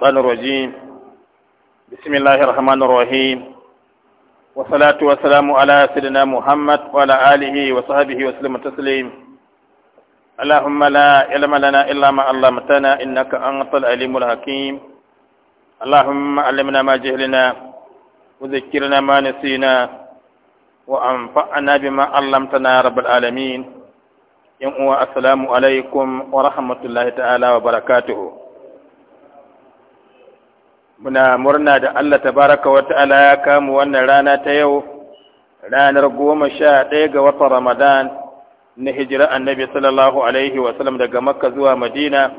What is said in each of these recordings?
الشيطان الرجيم بسم الله الرحمن الرحيم والصلاة والسلام على سيدنا محمد وعلى آله وصحبه وسلم تسليم اللهم لا علم لنا إلا ما علمتنا إنك أنت العليم الحكيم اللهم علمنا ما جهلنا وذكرنا ما نسينا وأنفعنا بما علمتنا يا رب العالمين yan uwa assalamu alaikum wa rahmatullahi ta'ala wa barakatuhu muna murna da Allah tabaraka wa ta'ala ya kamu wannan rana ta yau ranar goma sha ɗaya ga watan Ramadan na hijira annabi sallallahu alaihi wa sallam daga Makka zuwa Madina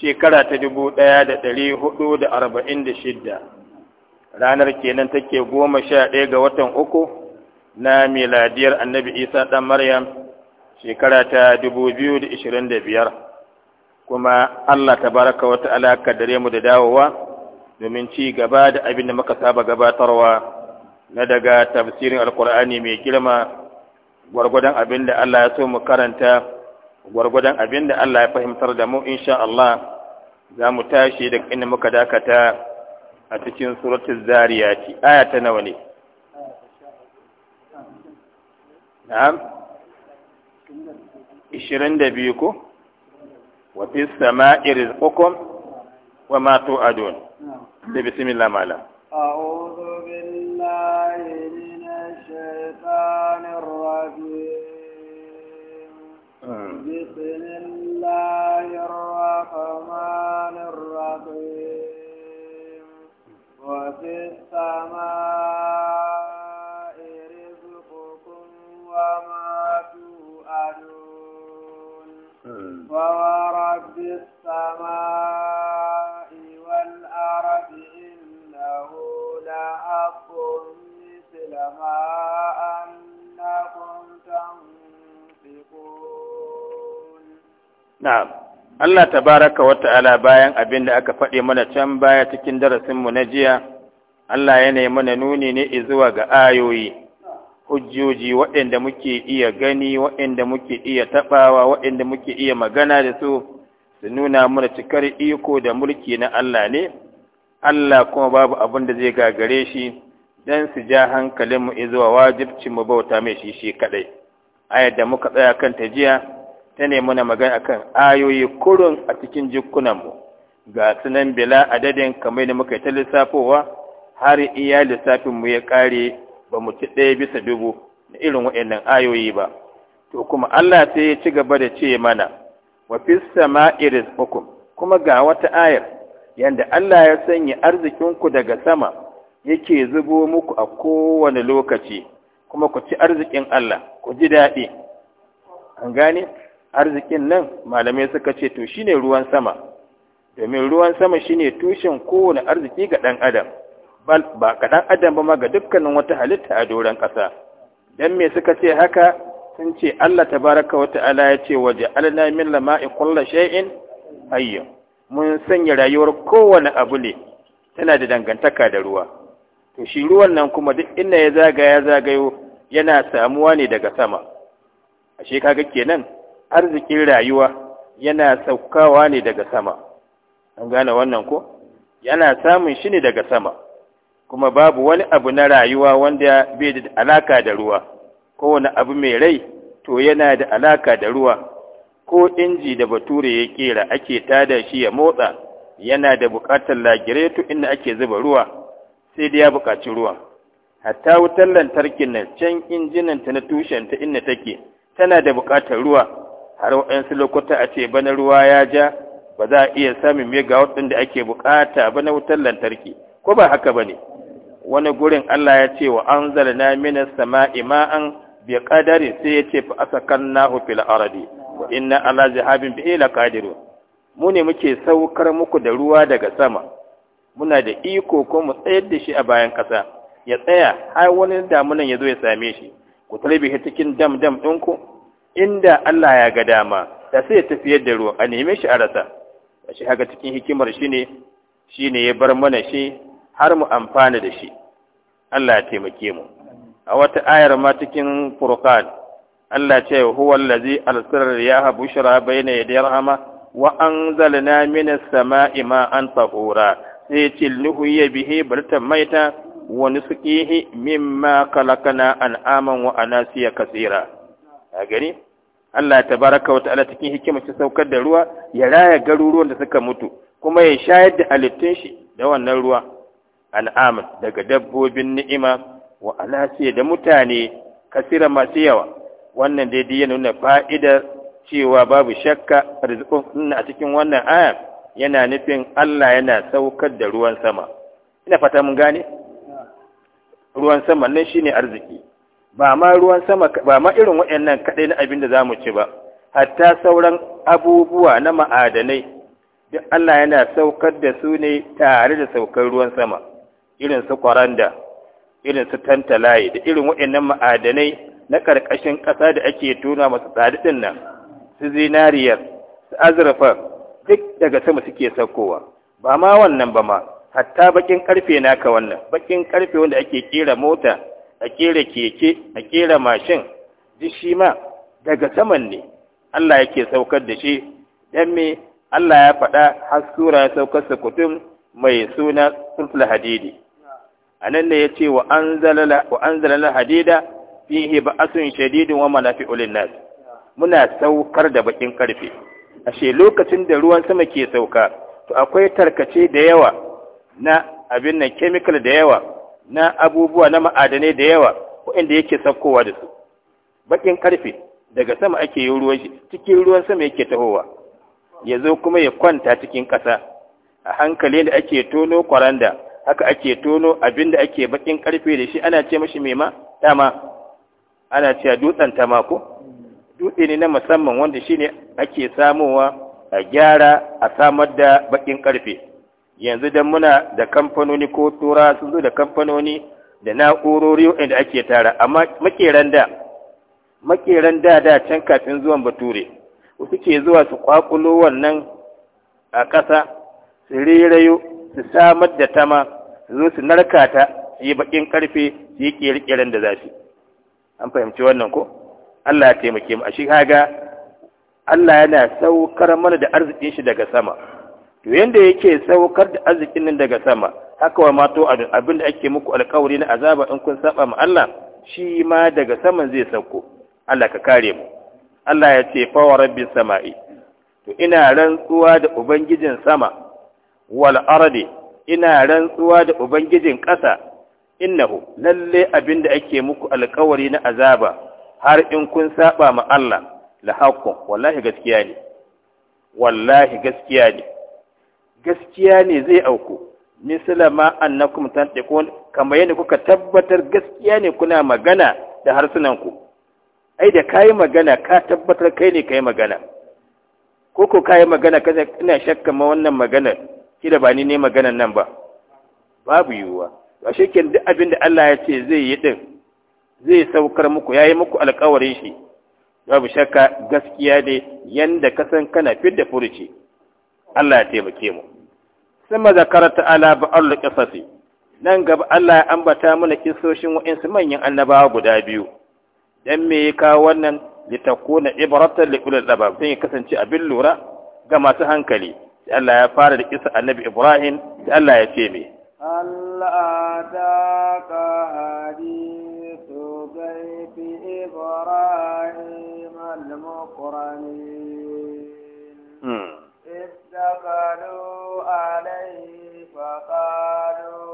shekara ta dubu ɗaya da ɗari hudu da arba'in da shidda ranar kenan take goma sha ɗaya ga watan uku na miladiyar annabi Isa ɗan Maryam shekara ta dubu biyu da ishirin da biyar kuma Allah tabaraka wa ta'ala ka dare mu da dawowa domin ci gaba da abin da muka saba gabatarwa na daga tafsirin alkur'ani mai girma gwargwadon abin da Allah ya so mu karanta gwargwadon abin da Allah ya fahimtar da mu insha Allah za mu tashi daga inda muka dakata a cikin suratul zariyati aya ta nawa ne na'am 22 ko wa fis sama'i rizqukum wa ma tu'adun da bismillah malam أعوذ بالله من الشيطان الرجيم بسم الله الرحمن الرحيم وفي السماء na'am Allah ta baraka wata ala bayan abin da aka faɗi mana can baya cikin darasinmu na jiya Allah ya nemi mana nuni ne zuwa ga ayoyi hujjoji waɗanda muke iya gani waɗanda muke iya taɓawa waɗanda muke iya magana da su su nuna mana cikar iko da mulki na Allah ne Allah kuma babu abin da zai gagare shi don su ja hankalinmu zuwa wajibcinmu bauta mai shi shi kaɗai a yadda muka tsaya kan ta jiya ta ne muna magana kan ayoyi kurun a cikin jikunanmu ga sunan bila adadin kamar da muka yi ta lissafowa har iya lissafinmu ya ƙare ba mu ci ɗaya bisa dubu na irin waɗannan ayoyi ba to kuma Allah sai ya ci gaba da ce mana wa fis sama'i rizqukum kuma ga wata ayar yanda Allah ya sanya arzikinku daga sama yake zubo muku a kowane lokaci kuma ku ci arzikin Allah ku ji daɗi an gane arzikin nan malamai suka ce to shine ruwan sama domin ruwan sama shine tushen kowane arziki ga ɗan adam bal ba ga ɗan adam ba ma ga dukkanin wata halitta a doron kasa dan me suka ce haka sun ce Allah tabaraka wa ta'ala ya ce waje alna min lama'i kullu shay'in hayy mun sanya rayuwar kowane abu ne tana da dangantaka da ruwa to shi ruwan nan kuma duk inda ya zagaya zagayo yana samuwa ne daga sama ashe kaga kenan arzikin rayuwa yana saukawa ne daga sama an gane wannan ko yana samun shi ne daga sama kuma babu wani abu na rayuwa wanda bai da alaka da ruwa kowane abu mai rai to yana da alaka da ruwa ko inji da bature ya kera ake tada shi ya motsa yana da bukatar lagireto inda ake zuba ruwa sai da ya bukaci ruwa hatta wutar lantarkin nan can injinanta na tushenta inda take tana da bukatar ruwa har waɗansu lokuta a ce bana ruwa ya ja ba za a iya samun mega waɗin da ake bukata ba na wutar lantarki ko ba haka ba ne wani gurin Allah ya ce wa an na minas sama ima'an biya ƙadari sai ya ce fa asakannahu fil ardi wa inna ala zahabin bihi laqadirun mu ne muke saukar muku da ruwa daga sama muna da iko ko mu tsayar da shi a bayan ƙasa ya tsaya har wani damunan ya zo ya same shi ku tarbi cikin dam dam ɗinku inda Allah ya ga dama da sai ya tafiyar yadda ruwan a neme shi a rasa shi haka cikin hikimar shi ne shi ne ya bar mana shi har mu amfana da shi Allah ya taimake mu a wata ayar ma cikin furqan Allah ce huwa allazi habu riyaha bushra bayna ya rahma wa anzalna minas sama'i ma'an tahura sai ce ya bihi bartan maita wa nusukihi mimma khalaqna an'aman wa anasiya kasira. a gani Allah tabaraka wa ta'ala cikin hikima ta saukar da ruwa ya raya garuruwan da suka mutu kuma ya shayar da halittun shi da wannan ruwa an'am daga dabbobin ni'ima wa alasi da mutane kasira masu yawa wannan dai ya nuna fa'idar cewa babu shakka rizqun a cikin wannan aya yana nufin Allah yana saukar da ruwan sama ina fata mun gane ruwan sama nan shine arziki ba ma ruwan sama ba ma irin waɗannan kaɗai na abin da za mu ci ba hatta sauran abubuwa na ma'adanai duk Allah yana saukar da su ne tare da saukar ruwan sama irin su kwaranda irin su tantalaye da irin waɗannan ma'adanai na ƙarƙashin ƙasa da ake tona masu tsadadin nan su zinariyar su azurfa duk daga sama suke saukowa ba ma wannan ba ma hatta bakin ƙarfe naka wannan bakin ƙarfe wanda ake kera mota a kera keke a kera mashin duk shi ma daga saman ne Allah yake saukar da shi dan me Allah ya faɗa har sura ya saukar sa kutum mai suna sulful hadidi anan ne yace wa anzalala wa anzalala hadida fihi ba'asun shadidun wa manafi'u lin-nas muna saukar da bakin karfe ashe lokacin da ruwan sama ke sauka to akwai tarkace da yawa na abin nan chemical da yawa na abubuwa na ma'adanai da yawa waɗanda yake saukowa da su baƙin ƙarfe daga sama ake yi ruwan cikin ruwan sama yake tahowa ya zo kuma ya kwanta cikin ƙasa a hankali da ake tono kwaranda haka ake tono abin da ake baƙin ƙarfe da shi ana ce mashi mema dama ana cewa dutsen tama ko dutse ne na musamman wanda shine ake samowa a gyara a samar da baƙin ƙarfe yanzu dan muna da kamfanoni ko tura sun zo da kamfanoni da na'urori waɗanda ake tara amma makeran da makeran da da can kafin zuwan bature suke zuwa su kwakulo wannan a ƙasa su rerayo su samar da tama su zo su narka su yi baƙin ƙarfe su yi ƙirƙiren da za su an fahimci wannan ko Allah ya taimake mu a shi kaga Allah yana saukar mana da arzikin shi daga sama yanda yake saukar da arzikin nan daga sama haka wa mato abin da ake muku alkawari na azaba in kun saba ma Allah shi ma daga saman zai sauko Allah ka kare mu Allah ya ce fa rabbis sama'i to ina rantsuwa da ubangijin sama wal ardi ina rantsuwa da ubangijin ƙasa innahu lalle abin da ake muku alkawari na azaba har in kun saba ma Allah la haqqun wallahi gaskiya ne wallahi gaskiya ne gaskiya ne zai auku misala ma annakum tantiqun kamar yadda kuka tabbatar gaskiya ne kuna magana da harsunan ku ai da kai magana ka tabbatar kai ne kai magana ko ko kai magana kaza ina shakka ma wannan magana kila ba ni ne maganan nan ba babu yiwuwa a shekin duk abin da Allah ya ce zai yi din zai saukar muku yayi muku alƙawarin shi babu shakka gaskiya ne yanda ka san kana fidda furuci Allah ya taimake mu sun mazakarta ala ba'arlu ƙasasi nan gaba Allah ya ambata mana kisoshin wa'insu manyan annabawa guda biyu dan me ya kawo wannan litakuna ibratan liqulil albab sun ya kasance abin lura ga masu hankali da Allah ya fara da kisa annabi Ibrahim da Allah ya ce me Allah ta ka gai gaibi Ibrahim al mukurani hmm. دخلوا عليه فقالوا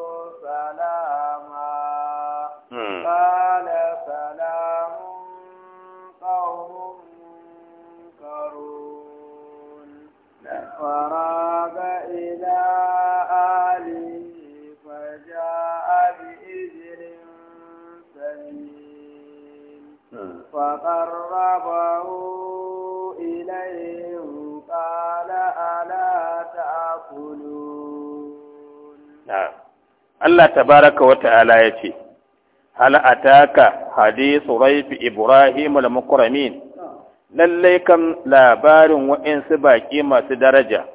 Allah tabaraka wa ta'ala ya ce hal ataka hadisu raifi ibrahim al-mukramin lallai kan labarin wa'insu baƙi masu daraja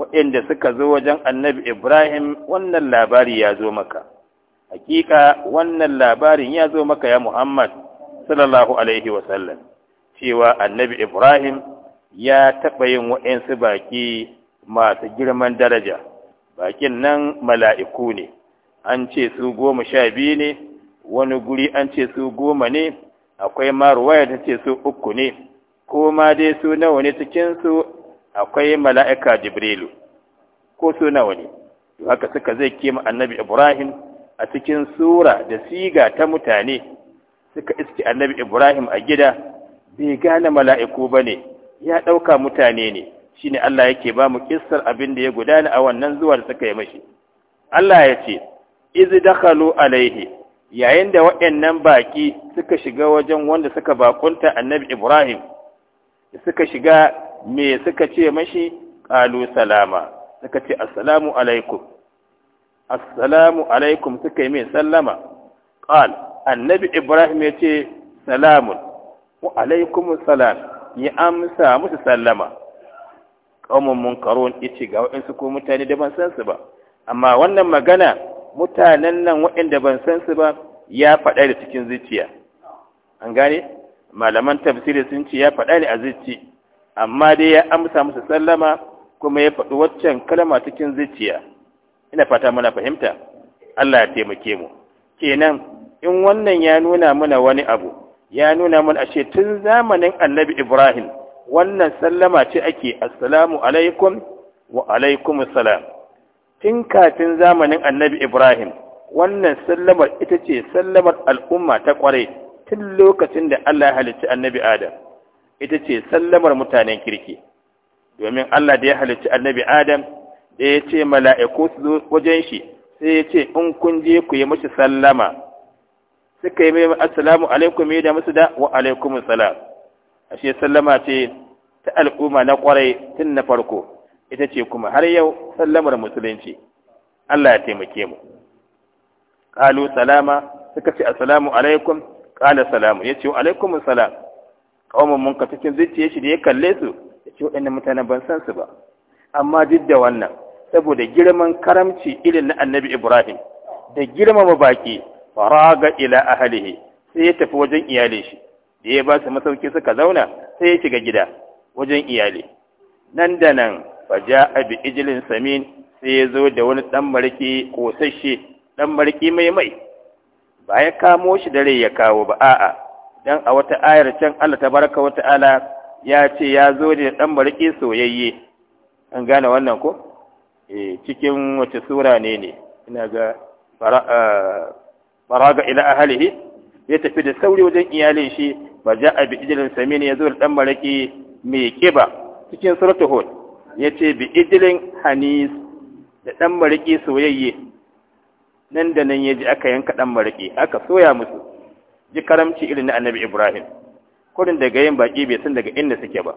wa'inda suka zo wajen annabi ibrahim wannan labari ya zo maka hakika wannan labarin ya zo maka ya muhammad sallallahu alaihi wasallam cewa annabi ibrahim ya taɓa yin wa'insu baƙi masu girman daraja baƙin nan mala'iku ne an ce su goma sha biyu ne wani guri an ce su goma ne akwai maruwaya ta ce su uku ne ko ma dai su nawa ne cikinsu akwai mala'ika jibrilu ko su nawa ne haka suka zai kima annabi ibrahim a cikin sura da siga ta mutane suka iske annabi ibrahim a gida bai gane mala'iku ba ne ya ɗauka mutane ne shine allah yake ba mu kissar abin da ya gudana a wannan zuwa da suka yi mashi allah ya ce iz dakhalu alaihi yayin da waɗannan baki suka shiga wajen wanda suka bakunta annabi Ibrahim suka shiga me suka ce mashi qalu salama suka ce assalamu alaikum assalamu alaikum suka yi mai sallama qal annabi Ibrahim ya ce salamun wa alaikum salam ya amsa musu sallama qaumun munkarun ce ga waɗansu ko mutane da ban san su ba amma wannan magana mutanen nan waɗanda ban san su ba ya faɗa da cikin zuciya an gane malaman tafsiri sun ce ya faɗa ne a zuci amma dai ya amsa musu sallama kuma ya faɗi waccan kalma cikin zuciya ina fata muna fahimta Allah ya taimake mu kenan in wannan ya nuna mana wani abu ya nuna mana ashe tun zamanin annabi Ibrahim wannan sallama ce ake assalamu alaikum wa alaikumus salam tun kafin zamanin annabi Ibrahim wannan sallamar ita ce sallamar al'umma ta ƙware tun lokacin da Allah ya halicci annabi Adam ita ce sallamar mutanen kirki domin Allah da ya halicci annabi Adam da ya ce mala'iku su zo wajen shi sai ya ce in kun je ku yi mashi sallama suka yi mai assalamu alaikum yi da musu da wa alaikum salam ashe sallama ce ta al'umma na ƙwarai tun na farko ita ce kuma har yau sallamar musulunci Allah ya taimake mu qalu salama suka ce assalamu alaikum qala salamu yace wa alaikum assalam kawai mun ka cikin zuciya shi da ya kalle su yace waɗannan mutanen ban san su ba amma duk da wannan saboda girman karamci irin na annabi Ibrahim da girmama baki faraga ila ahlihi sai ya tafi wajen iyali shi da ya ba su masauki suka zauna sai ya shiga gida wajen iyali nan da nan faja a bi samin sai ya zo da wani mariki marki sashe ɗan marki mai mai ba ya kamo shi da rai ya kawo ba a'a dan a wata ayar can Allah Ta baraka wa ta'ala ya ce ya zo da ɗan marki soyayye an gane wannan ko eh cikin wace sura ne ne ina ga faraga ila ahlihi ya tafi da sauri wajen iyalin shi ba abi bi samin ya zo da ɗan marki mai kiba cikin suratul hud ya ce bi idilin hanis da ɗan maraƙi soyayye nan da nan ya ji aka yanka ɗan maraƙi aka soya musu ji karamci irin na annabi ibrahim kurin daga yin baƙi bai san daga inda suke ba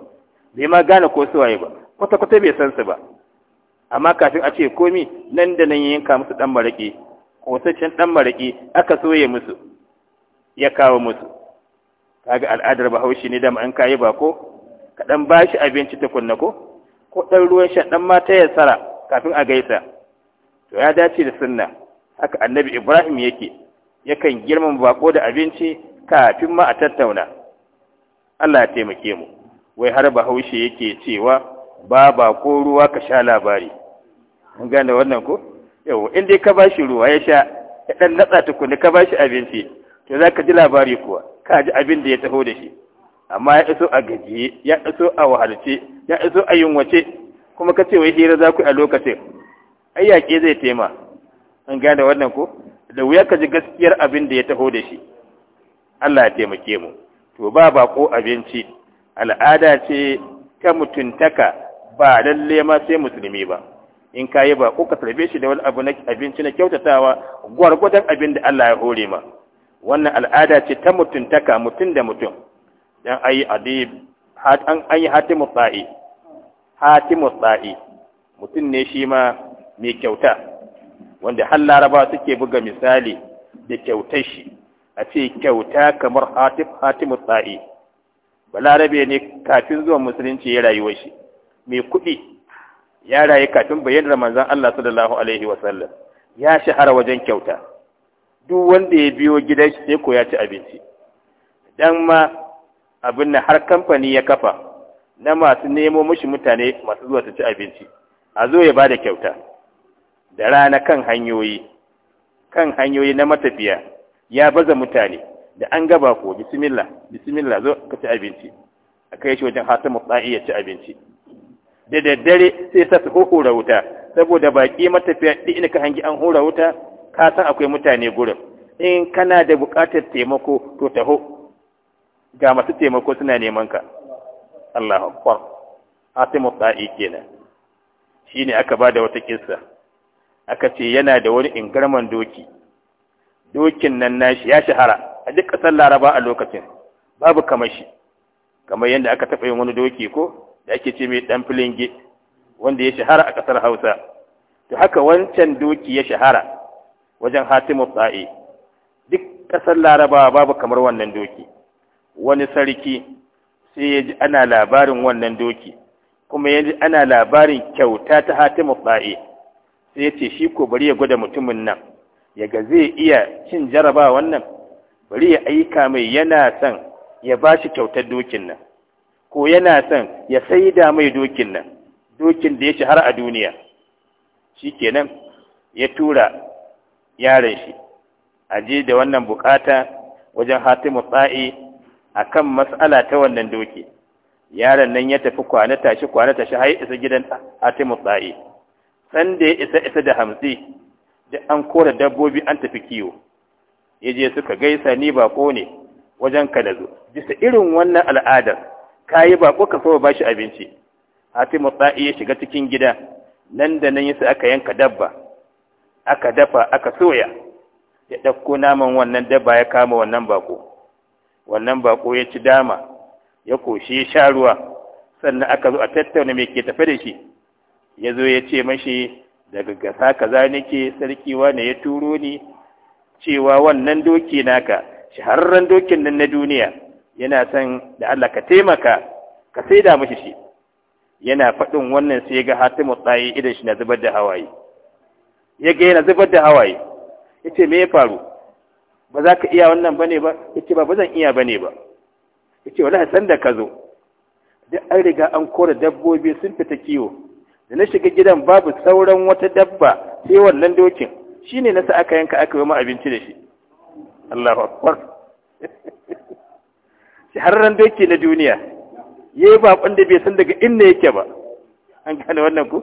bai ma gane ko suwaye ba kwata-kwata bai san su ba amma kafin a ce komi nan da nan ya yanka musu ɗan maraƙi kosaccen ɗan maraƙi aka soye musu ya kawo musu kaga al'adar bahaushe ne dama an kayi ko ka ɗan bashi abinci tukunna ko ko ɗan ruwan shan ɗan mata ya tsara kafin a gaisa to ya dace da sunna haka annabi ibrahim yake yakan girman bako da abinci kafin ma a tattauna allah ya taimake mu wai har bahaushe yake cewa ba bako ruwa ka sha labari mun gane wannan ko yau in dai ka ba shi ruwa ya sha ya ɗan natsa tukuni ka ba shi abinci to za ka ji labari kuwa ka ji abin da ya taho da shi amma ya iso a gajiye ya iso a wahalce ya iso a yunwace kuma ka ce wai hira za ku a lokacin ai yaƙe zai tema an gane da wannan ko da wuya ka ji gaskiyar abin da ya taho da shi Allah ya taimake mu to ba bako abinci al'ada ce ta mutuntaka ba lalle ma sai musulmi ba in ka yi bako ka tarbe shi da wani abu na abinci na kyautatawa gwargwadon abin da Allah ya hore ma wannan al'ada ce ta mutuntaka mutum da mutum dan ayi adib an ayi hatimu sa'i hatimu sa'i mutum ne shi ma mai kyauta wanda har laraba suke buga misali da kyautar shi a ce kyauta kamar hatif hatimu sa'i balarabe ne kafin zuwa musulunci ya rayuwa shi mai kuɗi ya rayu kafin bayyanar manzon Allah sallallahu alaihi sallam ya shahara wajen kyauta duk wanda ya biyo gidan shi sai ko ya ci abinci dan ma abin nan har kamfani ya kafa na masu nemo mushi mutane masu zuwa su ci abinci a zo ya ba da kyauta da rana kan hanyoyi kan hanyoyi na matafiya ya baza mutane da an gaba ko bismillah bismillah zo ka ci abinci a kai shi wajen hatamu tsa'i ya ci abinci da daddare sai sa su hura wuta saboda baki matafiya duk ka hangi an hura wuta ka san akwai mutane gurin in kana da buƙatar taimako to taho ga masu taimako suna neman ka Allahu akbar asimu sa'i kenan shine aka bada wata kissa aka ce yana da wani ingarman doki dokin nan nashi ya shahara a duk kasar Laraba a lokacin babu kamar shi kamar yadda aka taɓa yin wani doki ko da ake ce mai ɗan filinge wanda ya shahara a ƙasar Hausa to haka wancan doki ya shahara wajen Hatimu Sa'i duk ƙasar Laraba babu kamar wannan doki wani sarki sai ya ji ana labarin wannan doki kuma ya ji ana labarin kyauta ta hatimu tsaye sai ya ce shi ko bari ya gwada mutumin nan yaga zai iya cin jaraba wannan bari ya aika mai yana son ya ba shi kyautar dokin nan ko yana son ya da mai dokin nan dokin da ya ci har a duniya shi kenan ya tura yaron shi aje da wannan bukata wajen hatimu tsa'i akan mas'ala ta wannan doki yaron nan ya tafi kwana tashi kwana tashi har isa gidan Atimu Tsa'i san da ya isa isa da hamsi da an kora dabbobi an tafi kiwo Ya je suka gaisa ni bako ne wajen ka da zo bisa irin wannan al'adar yi bako ka so ba shi abinci Atimu Tsa'i ya shiga cikin gida nan da nan yasa aka yanka dabba aka dafa aka soya ya ɗauko naman wannan dabba ya kama wannan bako wannan bako ya ci dama ya koshi ya sha ruwa sannan aka zo a tattauna mai ke tafe da shi ya zo ya ce mashi daga gasa kaza nake sarki wane ya turo ni cewa wannan doki naka shahararren dokin nan na duniya yana son da Allah ka taimaka ka saida mashi shi yana faɗin wannan sai ga hatimu tsaye idan shi na zubar da hawaye ya ga yana zubar da hawaye ya ce me ya faru ba za ka iya wannan bane ba yace ba ba zan iya bane ba yace wallahi san da ka zo duk an riga an kora dabbobi sun fita kiwo da na shiga gidan babu sauran wata dabba sai wannan dokin shine na sa aka yanka aka yi mu abinci da shi Allahu akbar shahararren doki na duniya yayi ba wanda bai san daga inda yake ba an gane wannan ku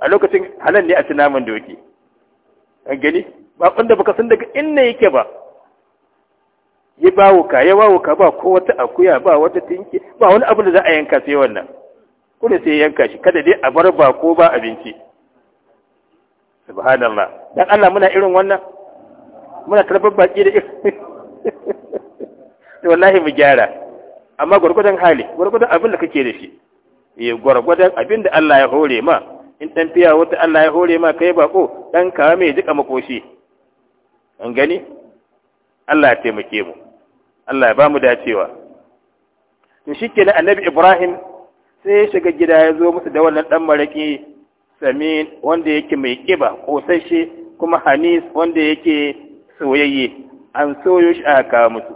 a lokacin halal ne a ci naman doki gani ba wanda baka san daga inna yake ba ya bawuka ya ka ba ko wata akuya ba wata tinki ba wani abu da za a yanka sai wannan kuma sai yanka shi kada dai a bar ba ko ba abinci subhanallah dan Allah muna irin wannan muna tarbar baki da irin wallahi mu gyara amma gurgudan hali gurgudan abin da kake da shi eh gurgudan abin da Allah ya hore ma in ɗan fiya wata Allah ya hore ma kai bako ɗan kawo mai jika makoshi an gani Allah ya taimake mu Allah ya ba mu dacewa shi shikenan annabi Ibrahim sai ya shiga gida ya zo musu da wannan ɗan maraƙi, samin wanda yake mai ƙiba kosashe kuma hanis wanda yake soyayye an soyo shi aka kawo musu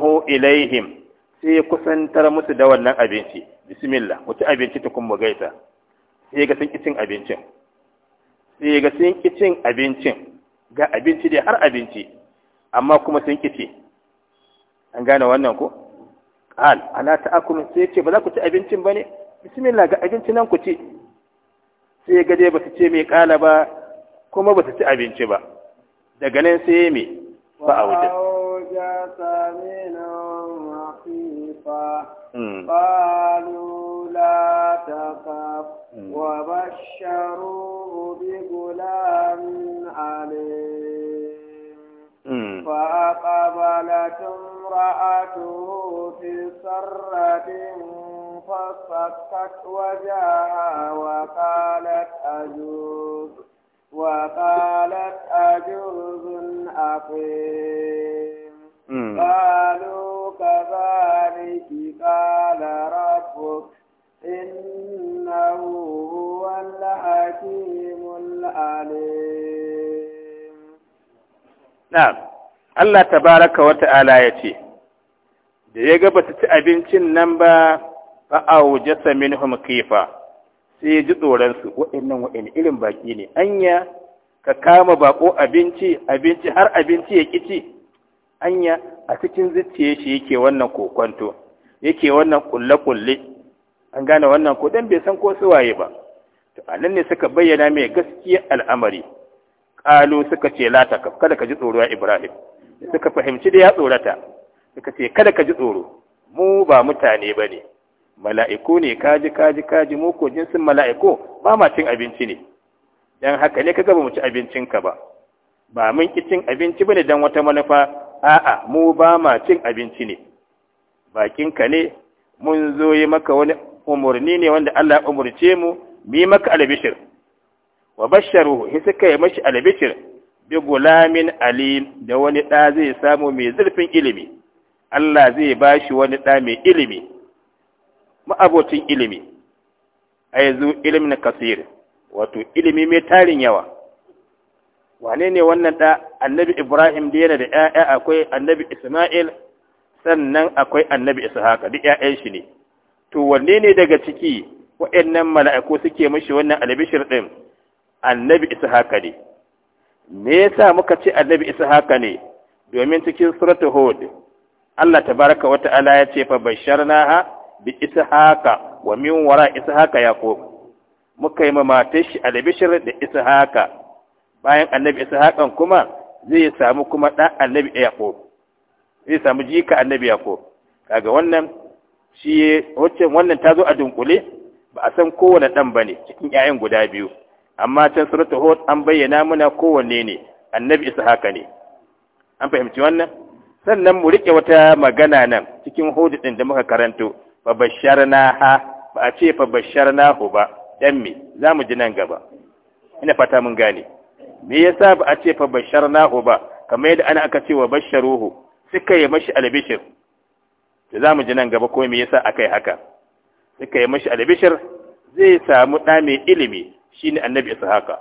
ho ilaihim sai ya kusantar musu da wannan abinci bismillah wata abinci ta kuma gaita sai ga sun cin abincin sai ga sun cin abincin ga abinci dai har abinci amma kuma sun kice an gane wannan ko qal ana ta'akum sai ce ba za ku ci abincin bane bismillah ga abincin nan ku ci sai ga dai ba su ce mai kala ba kuma ba su ci abinci ba daga nan sai mai ba a wajen قالوا لا تخاف وبشروه بغلام عليم فأقبلت امرأته في سرة فصكت وجهها وقالت أجوز وقالت أجوز أقيم قالوا كذلك قال ربك Allah ta baraka wata ala ya ce, da ya ga bata ci abincin nan ba fa wuje minhum kifa sai ya ji tsoron su nan wa'in irin baki ne anya ka kama bako abinci abinci har abinci ya kici anya a cikin zuciyar shi yake wannan kokonto yake wannan kulle kulle an gane wannan ko dan bai san ko su waye ba to anan ne suka bayyana mai gaskiya al'amari qalu suka ce la ta kada ka ji tsoro ya ibrahim suka fahimci da ya tsorata suka ce kada ka ji tsoro mu ba mutane bane mala'iku ne kaji kaji kaji mu ko jinsin mala'iku ba ma cin abinci ne dan haka ne kaga ba mu ci ka ba ba mun ki cin abinci bane dan wata manufa a'a mu ba ma cin abinci ne ka ne mun zo yi maka wani umarni ne wanda Allah umurce mu bi maka albishir wa basharu hi suka yi mashi albishir bi gulamin alim da wani ɗa zai samu mai zurfin ilimi Allah zai ba shi wani ɗa mai ilimi ma'abocin ilimi a yanzu ilimin kasir wato ilimi mai tarin yawa wane ne wannan ɗa annabi ibrahim da yana da ‘ya'ya akwai annabi isma'il sannan akwai annabi ishaqa da ‘ya'yan shi ne to wanne ne daga ciki waɗannan mala'iku suke mishi wannan albishir ɗin annabi isa haka ne me yasa muka ce annabi isa haka ne domin cikin suratul hud Allah baraka wa ta'ala ya ce fa ha bi haka wa min wara isa haka ya ko. muka yi mamatar shi albishir da isa haka. bayan annabi isa hakan kuma zai samu kuma dan annabi ko. zai samu jika annabi ko. kaga wannan shi wacce wannan tazo a dunkule ba a san kowane ɗan ba ne cikin ‘ya'yan guda biyu amma can suratul hud an bayyana muna kowanne ne annabi isa haka ne an fahimci wannan sannan mu riƙe wata magana nan cikin hudu ɗin da muka karanto fa basharna ba a ce fa basharna hu ba dan me za mu ji nan gaba ina fata mun gane me yasa ba a ce fa basharna hu ba kamar yadda ana aka ce wa basharuhu suka yi mashi albishir to za mu ji nan gaba ko me yasa akai haka suka yi mashi albishir zai samu ɗa mai ilimi shi shine annabi haka.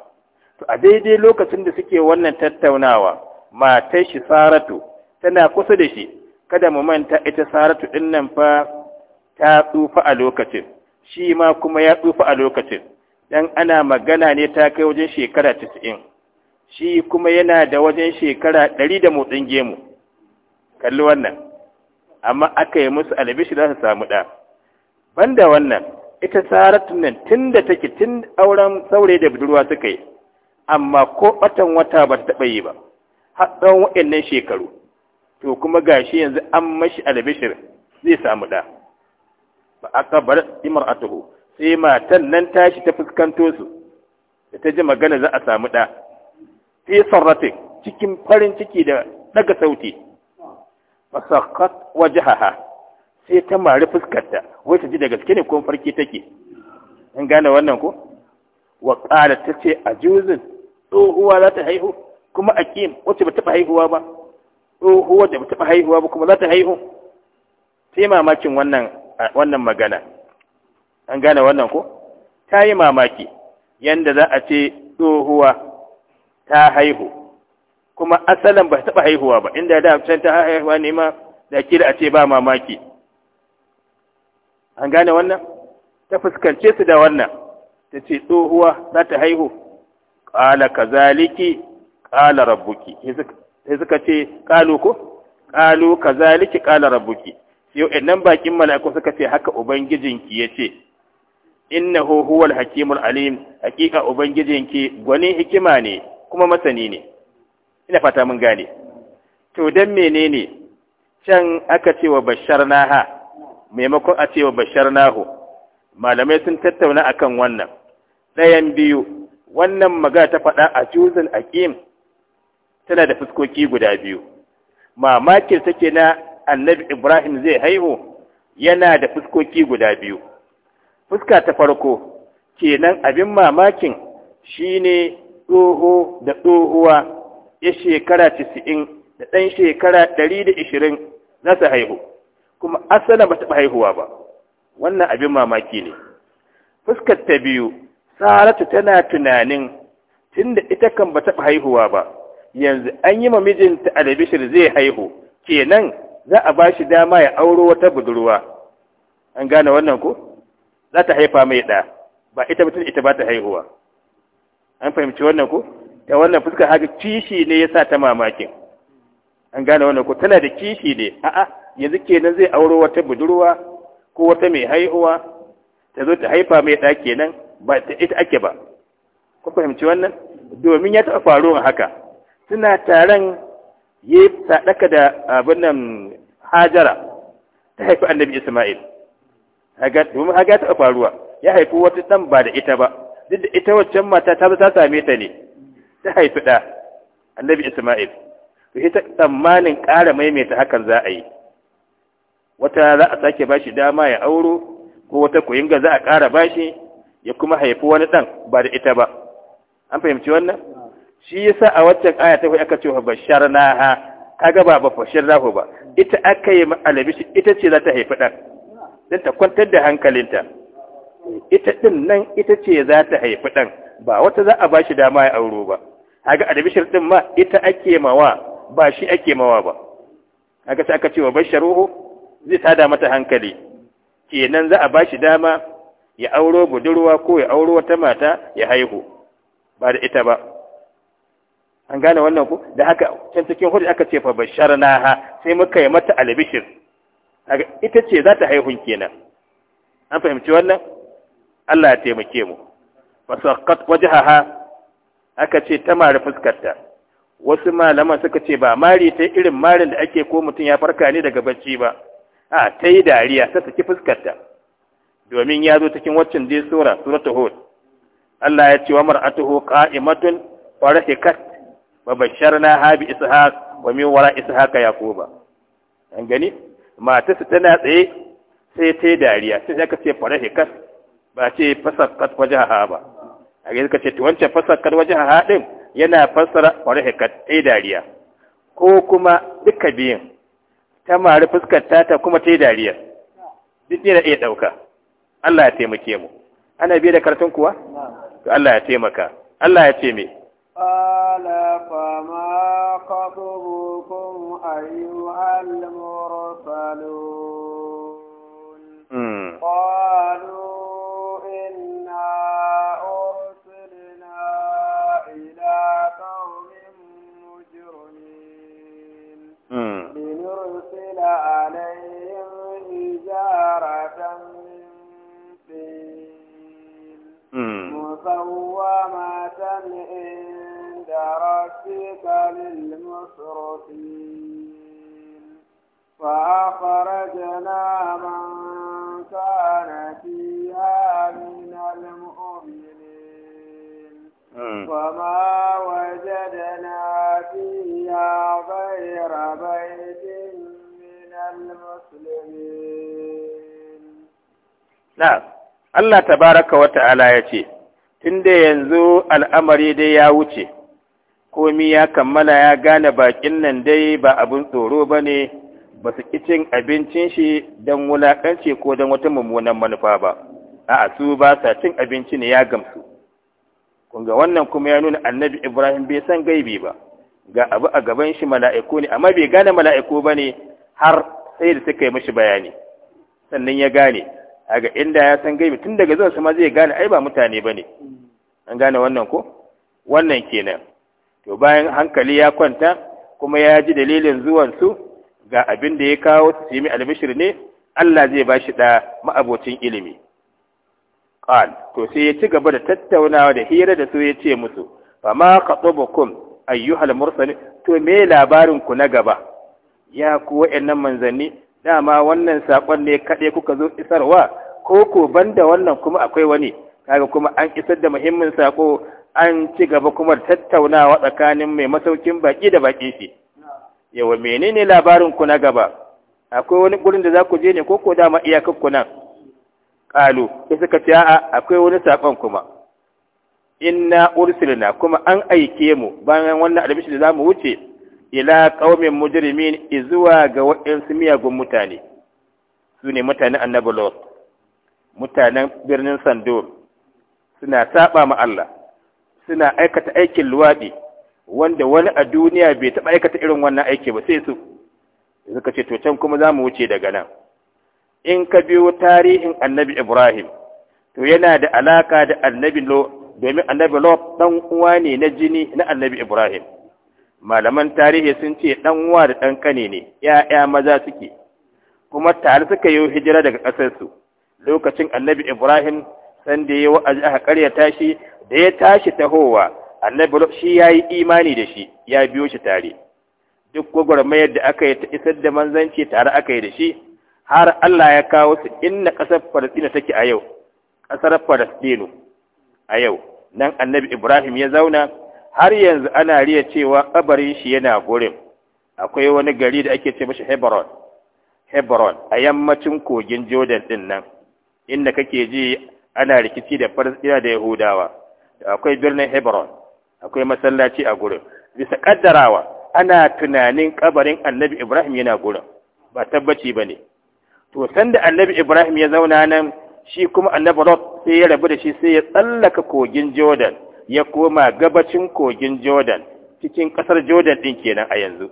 to a daidai lokacin da suke wannan tattaunawa matar shi saratu tana kusa da shi kada mu manta ita saratu ɗin nan fa ta tsufa a lokacin shi ma kuma ya tsufa a lokacin dan ana magana ne ta kai wajen shekara casa'in shi kuma yana da wajen shekara ɗari da motsin gemu kalli wannan amma aka yi musu albishi za su samu ɗa banda wannan ita saratun nan tun da take tun auren saurayi da budurwa suka yi amma ko watan wata ba ta taɓa yi ba har tsawon waɗannan shekaru to kuma gashi yanzu an mashi albishir zai samu ɗa ba aka bar imar'atuhu sai matan nan tashi ta fuskanto su da ta ji magana za a samu ɗa fi sarratin cikin farin ciki da daga sauti fasakat wajahaha sai ta mari fuskarta wai ta ji da gaske ne ko farki take in gane wannan ko wa qala ta ce a juzin tsohuwa za ta haihu kuma a aqim wacce ba taɓa haihuwa ba tsohuwa da ba taɓa haihuwa ba kuma za ta haihu sai mamakin wannan wannan magana an gane wannan ko ta yi mamaki yanda za a ce tsohuwa ta haihu kuma asalin ba taɓa haihuwa ba inda da can ta haihuwa ne ma da kira a ce ba mamaki an gane wannan ta fuskance su da wannan ta ce tsohuwa za ta haihu ƙala zaliki, ƙala rabbuki sai suka ce ƙalu ko ƙalu zaliki ƙala rabbuki yau nan bakin mala'iku suka ce haka ubangijinki ya ce na huwal hakimul alim hakika ubangijinki Gwani hikima ne kuma masani ne ina fata mun gane to dan menene can aka ce wa bashar naha maimakon a cewa bashar nahu malamai sun tattauna akan wannan ɗayan biyu wannan maga ta faɗa a juzul aqim tana da fuskoki guda biyu mamakin take na annabi ibrahim zai haihu yana da fuskoki guda biyu fuska ta farko kenan abin mamakin shine tsoho da tsohuwa ya shekara 90 da ɗan shekara 120 za su haihu kuma asala ba taɓa haihuwa ba wannan abin mamaki ne fuskar ta biyu saratu tana tunanin tunda ita kan ba taɓa haihuwa ba yanzu an yi mijinta alabishir zai haihu kenan za a ba shi dama ya auro wata budurwa an gane wannan ko za ta haifa mai ɗa ba ita mutum ita ba ta haihuwa an fahimci wannan ko ta wannan fuskar haka kishi ne ya sa ta mamakin an gane wannan ko tana da kishi ne a'a yanzu kenan zai auro wata budurwa ko wata mai haihuwa ta zo ta haifa mai ɗa kenan ba ta ita ake ba ku fahimci wannan domin ya taɓa faruwa haka suna taron ya yi saɗaka da abin nan hajara ta haifi annabi isma'il domin ya taɓa faruwa ya haifi wata ɗan ba da ita ba duk da ita waccan mata ta ta same ta ne ta haifi ɗa annabi isma'il to ita tsammanin ƙara maimaita hakan za a yi wata za a sake bashi dama ya auro ko wata kuyinga za a ƙara bashi ya kuma haifi wani ɗan ba da ita ba an fahimci wannan shi yasa a waccan aya ta aka ce bashar na ha kaga ba ba bashar zahu ba ita aka yi alabishi ita ce za ta haifi ɗan don ta kwantar da hankalinta ita ɗin nan ita ce za ta haifi ɗan ba wata za a bashi dama ya auro ba kaga alabishir ɗin ma ita ake mawa ba shi ake mawa ba kaga sai aka ce wa basharuhu zai tada mata hankali kenan za a bashi dama ya auro budurwa ko ya auro wata mata ya haihu ba da ita ba an gane wannan ku da haka can cikin hudu aka ce fa Bashar ha, sai muka yi mata albishir ita ce za ta haihun kenan an fahimci wannan Allah ya taimake mu fasaqqat wajhaha aka ce ta mari fuskarta wasu malaman suka ce ba mari ta irin marin da ake ko mutum ya farka ne daga bacci ba a ta yi dariya ta saki fuskarta domin ya zo cikin waccan dai sura suratul hud Allah ya ce wa mar'atuhu qa'imatun wa rahikat wa basharna ha bi ishaq wa min wara ishaq yaquba an gani matarsa tana tsaye sai ta yi dariya sai ka ce fara rahikat ba ce fasakkat wajaha ba a ga ka ce to wancan fasakkat wajaha din yana fassara ta yi dariya ko kuma duka biyan ta mari fuskar ta kuma ta yi dariya duk da iya ɗauka Allah ya taimake mu ana biye da karatun kuwa to Allah ya taimaka Allah ya ce me ala fa ma qatubukum ayyuhal mursalun hmm. عليهم حجارة من طين مسومة عند ربك للمسرفين فأخرجنا من كان فيها من المؤمنين وما وجدنا فيها غير بيت Allah baraka wa wata ya ya Tun tunda yanzu al'amari dai ya wuce, komi ya kammala ya gane bakin nan dai ba abin tsoro ba ne, ba su cin abincin shi don wulaƙance ko don wata mummunan manufa ba, a su ba sa cin abinci ne ya gamsu. Kunga wannan kuma ya nuna annabi Ibrahim bai san gaibi ba, ga abu a gaban shi mala'iku ne, amma bai gane mala'iku ba ne har sai da suka yi mashi bayani sannan ya gane aga inda ya san gaibi tun daga zuwa sama zai gane ai ba mutane bane an gane wannan ko wannan kenan to bayan hankali ya kwanta kuma ya ji dalilin zuwan su ga abin da ya kawo su yi albishir ne Allah zai bashi da ma'abocin ilimi qal to sai ya ci gaba da tattaunawa da hira da su ya ce musu fa ma qatubukum ayyuhal mursalin to me labarin ku na gaba ya ku wa'annan manzanni dama wannan sakon ne kaɗai kuka zo isarwa ko ban banda wannan kuma akwai wani kaga kuma an isar da muhimmin sako an ci gaba kuma tattaunawa tsakanin mai masaukin baki da baki shi yawa menene labarin ku na gaba akwai wani gurin da za ku je ne ko ko dama iyakar ku nan Kalu, sai suka ce a'a akwai wani sakon kuma inna ursilna kuma an aike mu bayan wannan albishin da zamu wuce ila qaumin mujrimin izuwa ga waɗansu miyagun mutane su ne mutanen annabi lot mutanen birnin sando suna saba ma Allah suna aikata aikin luwaɗi wanda wani a duniya bai taɓa aikata irin wannan aiki ba sai su suka ce to can kuma za mu wuce daga nan in ka biyo tarihin annabi ibrahim to yana da alaka da annabi lo domin annabi lo dan uwa ne na jini na annabi ibrahim malaman tarihi sun ce ɗan uwa da ɗan kane ne ‘ya'ya maza suke kuma tare suka yi hijira daga ƙasarsu lokacin annabi ibrahim sanda ya wa'azi aka ya tashi da ya tashi tahowa annabi shi ya yi imani da shi ya biyo shi tare duk gwagwarmayar da aka yi ta isar da manzanci tare aka yi da shi har Allah ya kawo su inna ƙasar Falasɗina take a yau ƙasar Falasɗinu a yau nan annabi Ibrahim ya zauna har yanzu ana riya cewa kabarin shi yana gurin akwai wani gari da ake ce mashi hebron hebron a yammacin kogin jordan din nan inda kake ji ana rikici da falastina da yahudawa akwai birnin hebron akwai masallaci a gurin bisa kaddarawa ana tunanin kabarin annabi ibrahim yana gurin ba tabbaci ba ne to sanda annabi ibrahim ya zauna nan shi kuma annabi lot sai ya rabu da shi sai ya tsallaka kogin jordan ya koma gabacin kogin Jordan cikin ƙasar Jordan ɗin kenan a yanzu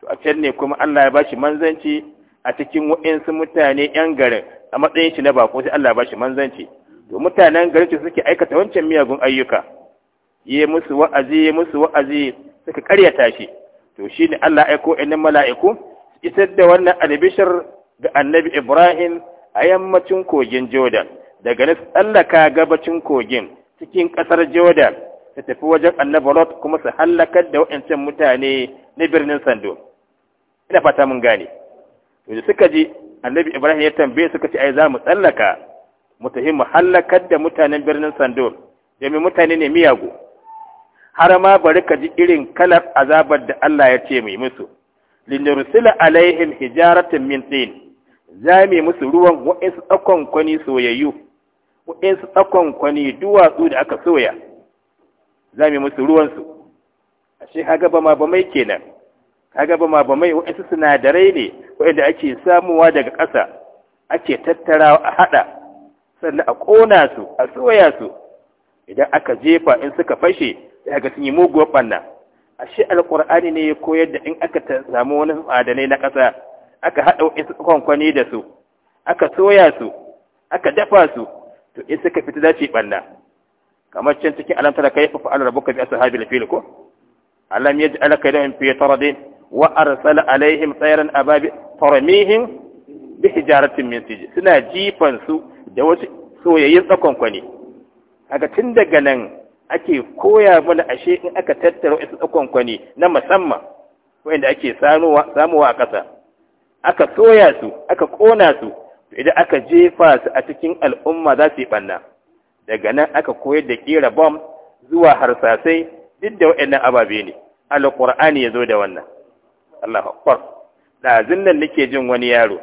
to a can ne kuma Allah ya bashi manzanci a cikin waɗansu mutane 'yan garin a matsayin shi na bako sai Allah ya bashi manzanci to mutanen garin su suke aikata wancan miyagun ayyuka yi musu wa'azi yi musu wa'azi suka karyata shi to shi ne Allah ya aiko ɗan mala'iku isar da wannan albishir ga annabi Ibrahim a yammacin kogin Jordan daga nan tsallaka gabacin kogin cikin ƙasar Jordan ta tafi wajen annabarot kuma su hallakar da waɗancan mutane na birnin Sando. Ina fata mun gane. Yanzu suka ji annabi Ibrahim ya tambaye suka ce ai za mu tsallaka mu tafi mu hallakar da mutanen birnin Sando domin mutane ne miyagu. Har ma bari ka ji irin kalar azabar da Allah ya ce mai musu. Linursila alaihim hijaratun min tin. Za mu musu ruwan wa'insu tsakon kwani soyayyu. waɗansu tsakonkwani duwatsu da aka soya za mu musu ruwansu ashe ka ba ma ba mai kenan Ka ba ma ba mai waɗansu sinadarai ne waɗanda ake samuwa daga ƙasa ake tattara a haɗa sannan a ƙona su a soya su idan aka jefa in suka fashe sai aka sun yi muguwar ɓanna ashe alƙur'ani ne ya koyar da in aka samu wani ma'adanai na ƙasa aka haɗa waɗansu tsakonkwani da su aka soya su aka dafa su to in suka fita za ci balla kamar can cikin alam tara kai fa fa'ala rabbuka bi ashabil fil ko alam yaj'al kaydahum fi taradin wa arsala alaihim tayran ababi taramihim bi hijaratin min sijil suna jifan su da wasu soyayyin tsakonkwani haka tun daga nan ake koya mana ashe in aka tattara wasu tsakonkwani na musamman wanda ake samuwa a ƙasa aka soya su aka ƙona su idan aka jefa su a cikin al'umma za su yi ɓanna daga nan aka koyar da ƙera bom zuwa harsasai duk da waɗannan ababe ne alƙur'ani ya zo da wannan Allahu akbar ɗazun nan nake jin wani yaro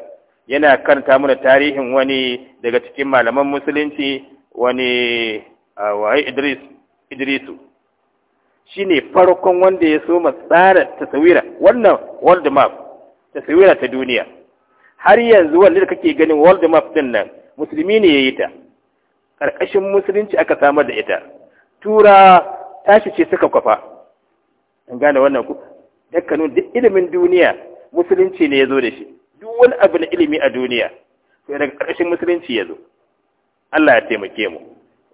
yana karanta mana tarihin wani daga cikin malaman musulunci wani waye Idris Idrisu shine farkon wanda ya so tsara tasawira wannan world map tasawira ta duniya har yanzu wanda da kake ganin world map din nan musulmi ne yayi ta karkashin musulunci aka samar da ita tura tashi ce suka kwafa an gane wannan ku dukkanin duk ilimin duniya musulunci ne ya zo da shi duk wani abu na ilimi a duniya sai daga karkashin musulunci yazo. Allah ya taimake mu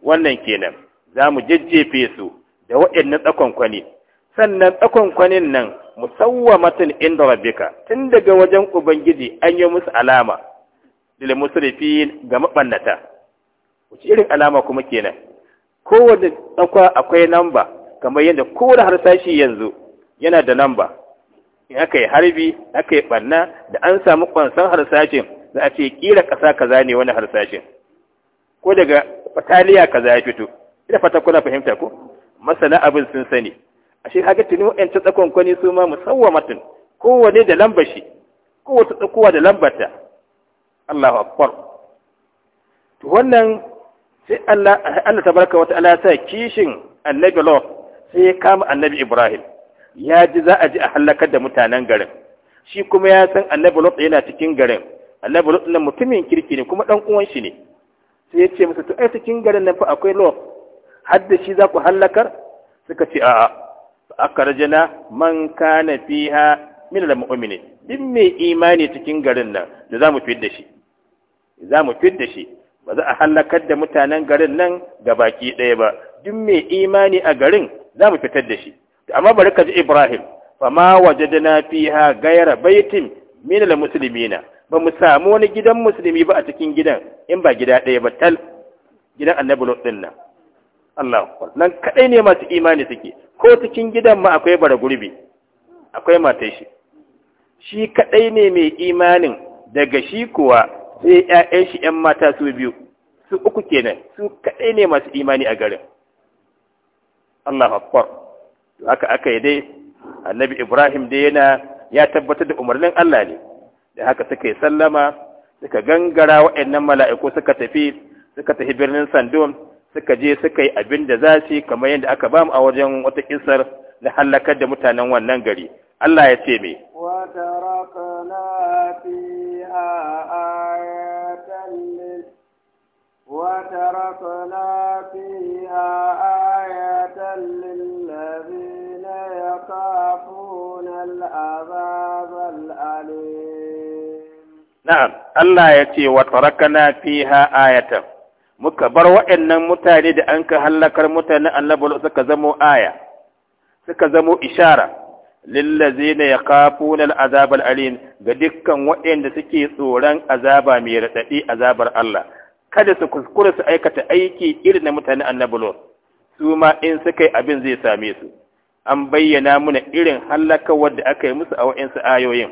wannan kenan zamu mu jajjefe su da waɗannan kwani. sannan tsakon kwanin nan musawwamatin inda rabbika tun daga wajen ubangiji an yi musu alama lil musrifin ga mabannata wace irin alama kuma kenan kowanne tsakwa akwai namba kamar yadda kowane harsashi yanzu yana da namba in aka yi harbi aka yi ɓanna da an samu kwansan harsashin za a ce kira ƙasa kaza ne wani harsashin ko daga fataliya kaza ya fito ina fata kuna fahimta ko masana abin sun sani ashe kaga tuni wa'ancan tsakon kwani su ma musawwamatin kowane da lambar shi kowace tsakuwa da lambarta Allahu akbar to wannan sai Allah Allah tabaraka wa ta'ala ta kishin annabi Lot sai ya kama annabi Ibrahim ya ji za a ji a halakar da mutanen garin shi kuma ya san annabi Lot yana cikin garin annabi Lot nan mutumin kirki ne kuma dan uwan shi ne sai ya ce masa to ai cikin garin nan fa akwai Lot har da shi za ku halakar suka ce a'a akarjana man kana fiha min al-mu'mini duk mai imani cikin garin nan da zamu fidda shi zamu fidda shi ba za a halakar da mutanen garin nan ga baki ɗaya ba duk mai imani a garin zamu fitar da shi amma bari ka ji Ibrahim fama wajadna fiha ghayra baitin min al-muslimina ba mu samu wani gidan musulmi ba a cikin gidan in ba gida ɗaya ba tal gidan annabi lot din Allah nan kadai ne masu imani suke ko cikin gidan ma akwai bara gurbi akwai matai shi shi kadai ne mai imanin daga shi kuwa sai yayan shi yan mata su biyu su uku kenan su kaɗai ne masu imani a garin Allah akbar haka aka yi dai Annabi Ibrahim dai yana ya tabbatar da umarnin Allah ne da haka suka yi sallama suka gangara waɗannan mala'iku suka tafi suka tafi birnin Sandom suka je suka yi abin da za su yi kamar yadda aka ba mu a wajen wata kisar na halakar da mutanen wannan gari Allah ya ce me وتركنا فيها آية للذين يخافون العذاب الأليم نعم الله يتي وتركنا فيها آية muka bar waɗannan mutane da an ka hallakar mutane annabawa suka zamo aya suka zamo ishara lillazina azabar al'azab alim ga dukkan waɗanda suke tsoron azaba mai radadi azabar Allah kada su kuskure su aikata aiki irin na mutane annabawa su ma in suka yi abin zai same su an bayyana muna irin hallakawar da aka yi musu a waɗansu ayoyin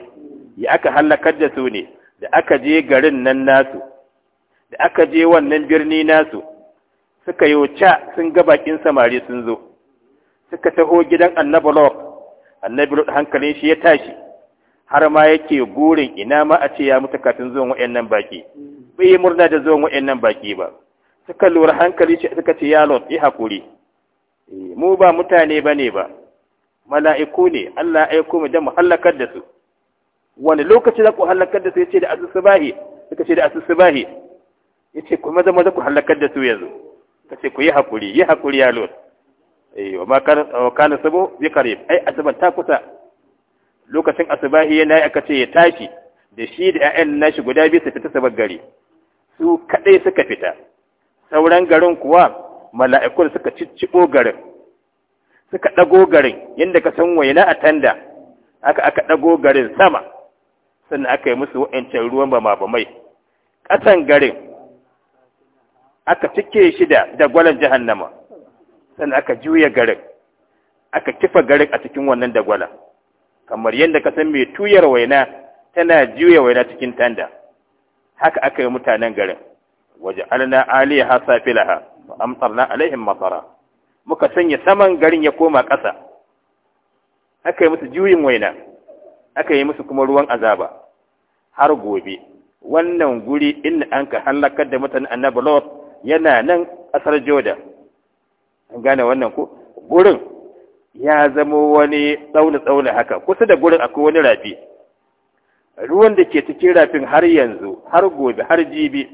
ya aka hallakar da su ne da aka je garin nan nasu da aka je wannan birni nasu suka yi wuce sun ga bakin samari sun zo suka taho gidan annabi lot annabi lot hankalin shi ya tashi har ma yake burin ina ma a ce ya mutu kafin zuwan wa'annan baki bai murna da zuwan wa'annan baki ba suka lura hankali shi suka ce ya lot yi hakuri eh, mu ba mutane bane ba mala'iku ne Allah ya aiko mu da mu halakar da su wani lokaci za ku halakar da su yace da asusubahi suka ce da asusubahi yace ku maza maza ku halakar da su yanzu kace ku yi hakuri yi hakuri ya lot eh wa ma kana sabo bi qarib ai asaban ta kusa lokacin asubahi yana aka ce ya tashi da shi da ƴaƴan nashi guda biyu su fita sabar gari su kadai suka fita sauran garin kuwa mala'ikun suka ciccibo garin suka dago garin yanda ka san waina a tanda aka aka dago garin sama sannan aka yi musu wa'ancan ruwan ba mai. ƙasan garin aka cike shi da dagwalon jahannama sannan aka juya garin aka kifa garin a cikin wannan dagwala kamar yadda ka san mai tuyar waina tana juya waina cikin tanda haka aka yi mutanen garin waje alna aliyaha amsar na alaihin masara muka sanya saman garin ya koma ƙasa aka yi musu juyin waina aka yi musu kuma ruwan azaba har gobe wannan guri inda an ka halakar da mutanen annabi lot yana nan ƙasar jordan an gane wannan ku. gurin ya zama wani tsauni-tsauni haka kusa da gurin akwai wani rafi ruwan da ke cikin rafin har yanzu har gobe har jibi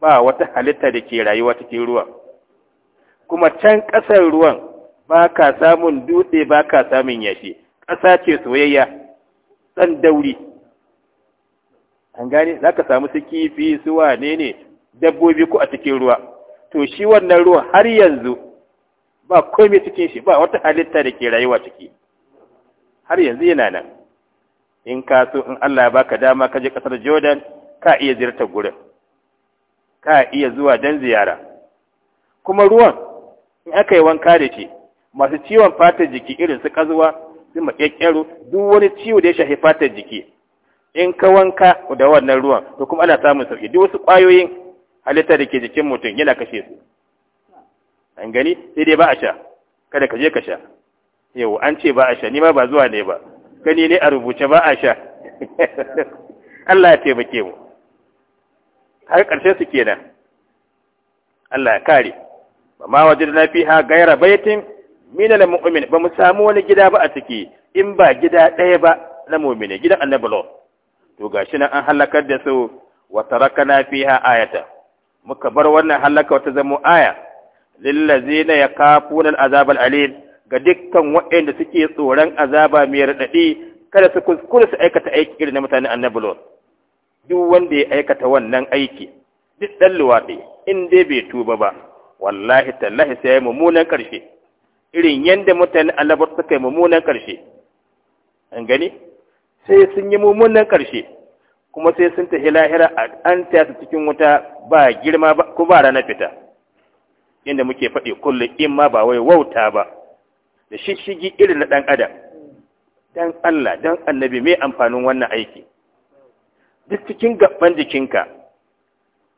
ba wata halitta da ke rayuwa cikin ruwan kuma can ƙasar ruwan ba ka samun dutse ba ka samun yashi ƙasa ce soyayya ɗan dauri an gane za ka samu su kifi su wane ne dabbobi ko a cikin ruwa to shi wannan ruwa har yanzu ba komai cikin shi ba wata halitta da ke rayuwa ciki har yanzu yana nan in ka so in Allah ya baka dama ka je ƙasar Jordan ka iya ziyartar gurin ka iya zuwa dan ziyara kuma ruwan in aka yi wanka da shi masu ciwon fatar jiki irin su kazuwa su maƙyaƙƙyaro duk wani ciwo da ya shafi fatar jiki in ka wanka da wannan ruwan to kuma ana samun sauki duk wasu ƙwayoyin halitta da ke jikin mutum yana kashe su an gani sai dai ba a sha kada ka je ka sha yau an ce ba a sha ni ma ba zuwa ne ba gani ne a rubuce ba a sha Allah ya taimake mu har ƙarshe su kenan Allah ya kare waje da na ha gaira baitin mina na mu'min ba mu samu wani gida ba a ciki in ba gida ɗaya ba na mu'mini gidan annabi to gashi nan an halakar da su wa tarakana fiha ayata muka bar wannan halaka wata zamo aya na kafu yakafuna azabar alil ga dukkan waɗanda suke tsoron azaba mai raɗaɗi kada su kuskure su aikata aiki irin na mutane annabi lot duk wanda ya aikata wannan aiki duk dan luwaɗi in dai bai tuba ba wallahi tallahi sai mummunan ƙarshe irin yadda mutane annabi suka yi mummunan ƙarshe an gani sai sun yi mummunan ƙarshe kuma sai sun tafi lahira a an tasa cikin wuta ba girma ba ko ba rana fita inda muke faɗi kullum in ma ba wai wauta ba da shishigi irin na ɗan adam dan Allah dan annabi mai amfanin wannan aiki duk cikin gaban jikinka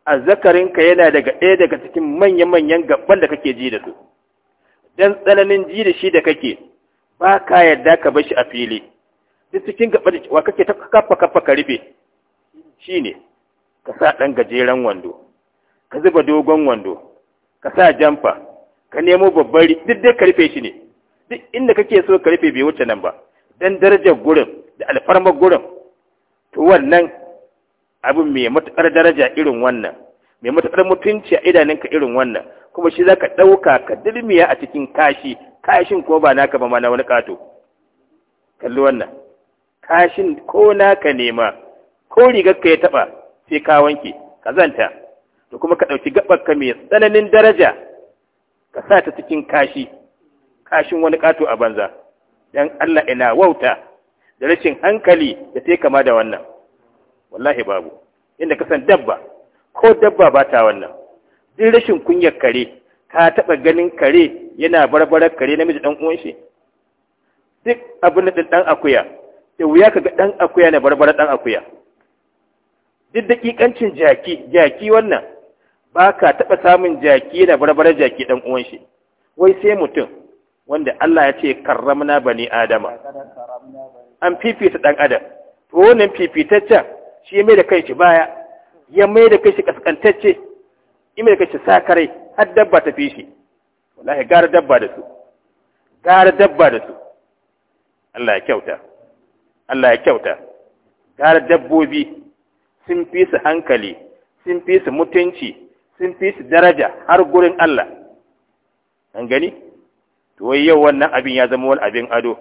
a ka yana daga ɗaya daga cikin manya-manyan gaban da kake ji da su dan tsananin ji da shi da kake ba ka yarda ka bar shi a fili duk cikin gaban wa kake ta kafa kafa ka rufe Shi ne, ka sa ɗan gajeren wando ka zuba dogon wando ka sa jamfa ka nemo babban duk dai karfe shi ne duk inda kake so rufe bai wuce nan ba dan darajar gurin da alfarmar gurin to wannan abin mai matuƙar daraja irin wannan mai matuƙar mutunci a idanunka irin wannan kuma shi za ka ɗauka ka dirmiya a cikin kashi kashin ko ba naka ba ma na wani ƙato kalli wannan kashin ko naka nema ko rigar ka ya taɓa sai ka wanke ka zanta da kuma ka ɗauki gaɓar ka mai tsananin daraja ka sa ta cikin kashi kashin wani ƙato a banza dan Allah ina wauta da rashin hankali da sai kama da wannan wallahi babu inda ka san dabba ko dabba ba ta wannan din rashin kunyar kare ka taɓa ganin kare yana barbarar kare namiji ɗan uwan shi duk abin da ɗan akuya da wuya ka ga ɗan akuya na barbarar ɗan akuya duk dakikancin jaki jaki wannan ba ka taɓa samun jaki yana barbarar jaki ɗan uwan shi wai sai mutum wanda Allah ya ce karramna bani adama an fifita ɗan adam to wannan fifitaccen shi ya mai da kai shi baya ya mai da kai shi kaskantacce ya mai da kai shi har dabba ta fi shi wallahi gara dabba da su gara dabba da su Allah ya kyauta Allah ya kyauta gara dabbobi sun fi su hankali sun fi su mutunci sun fi su daraja har gurin Allah an gani to wai yau wannan abin ya zama wani abin ado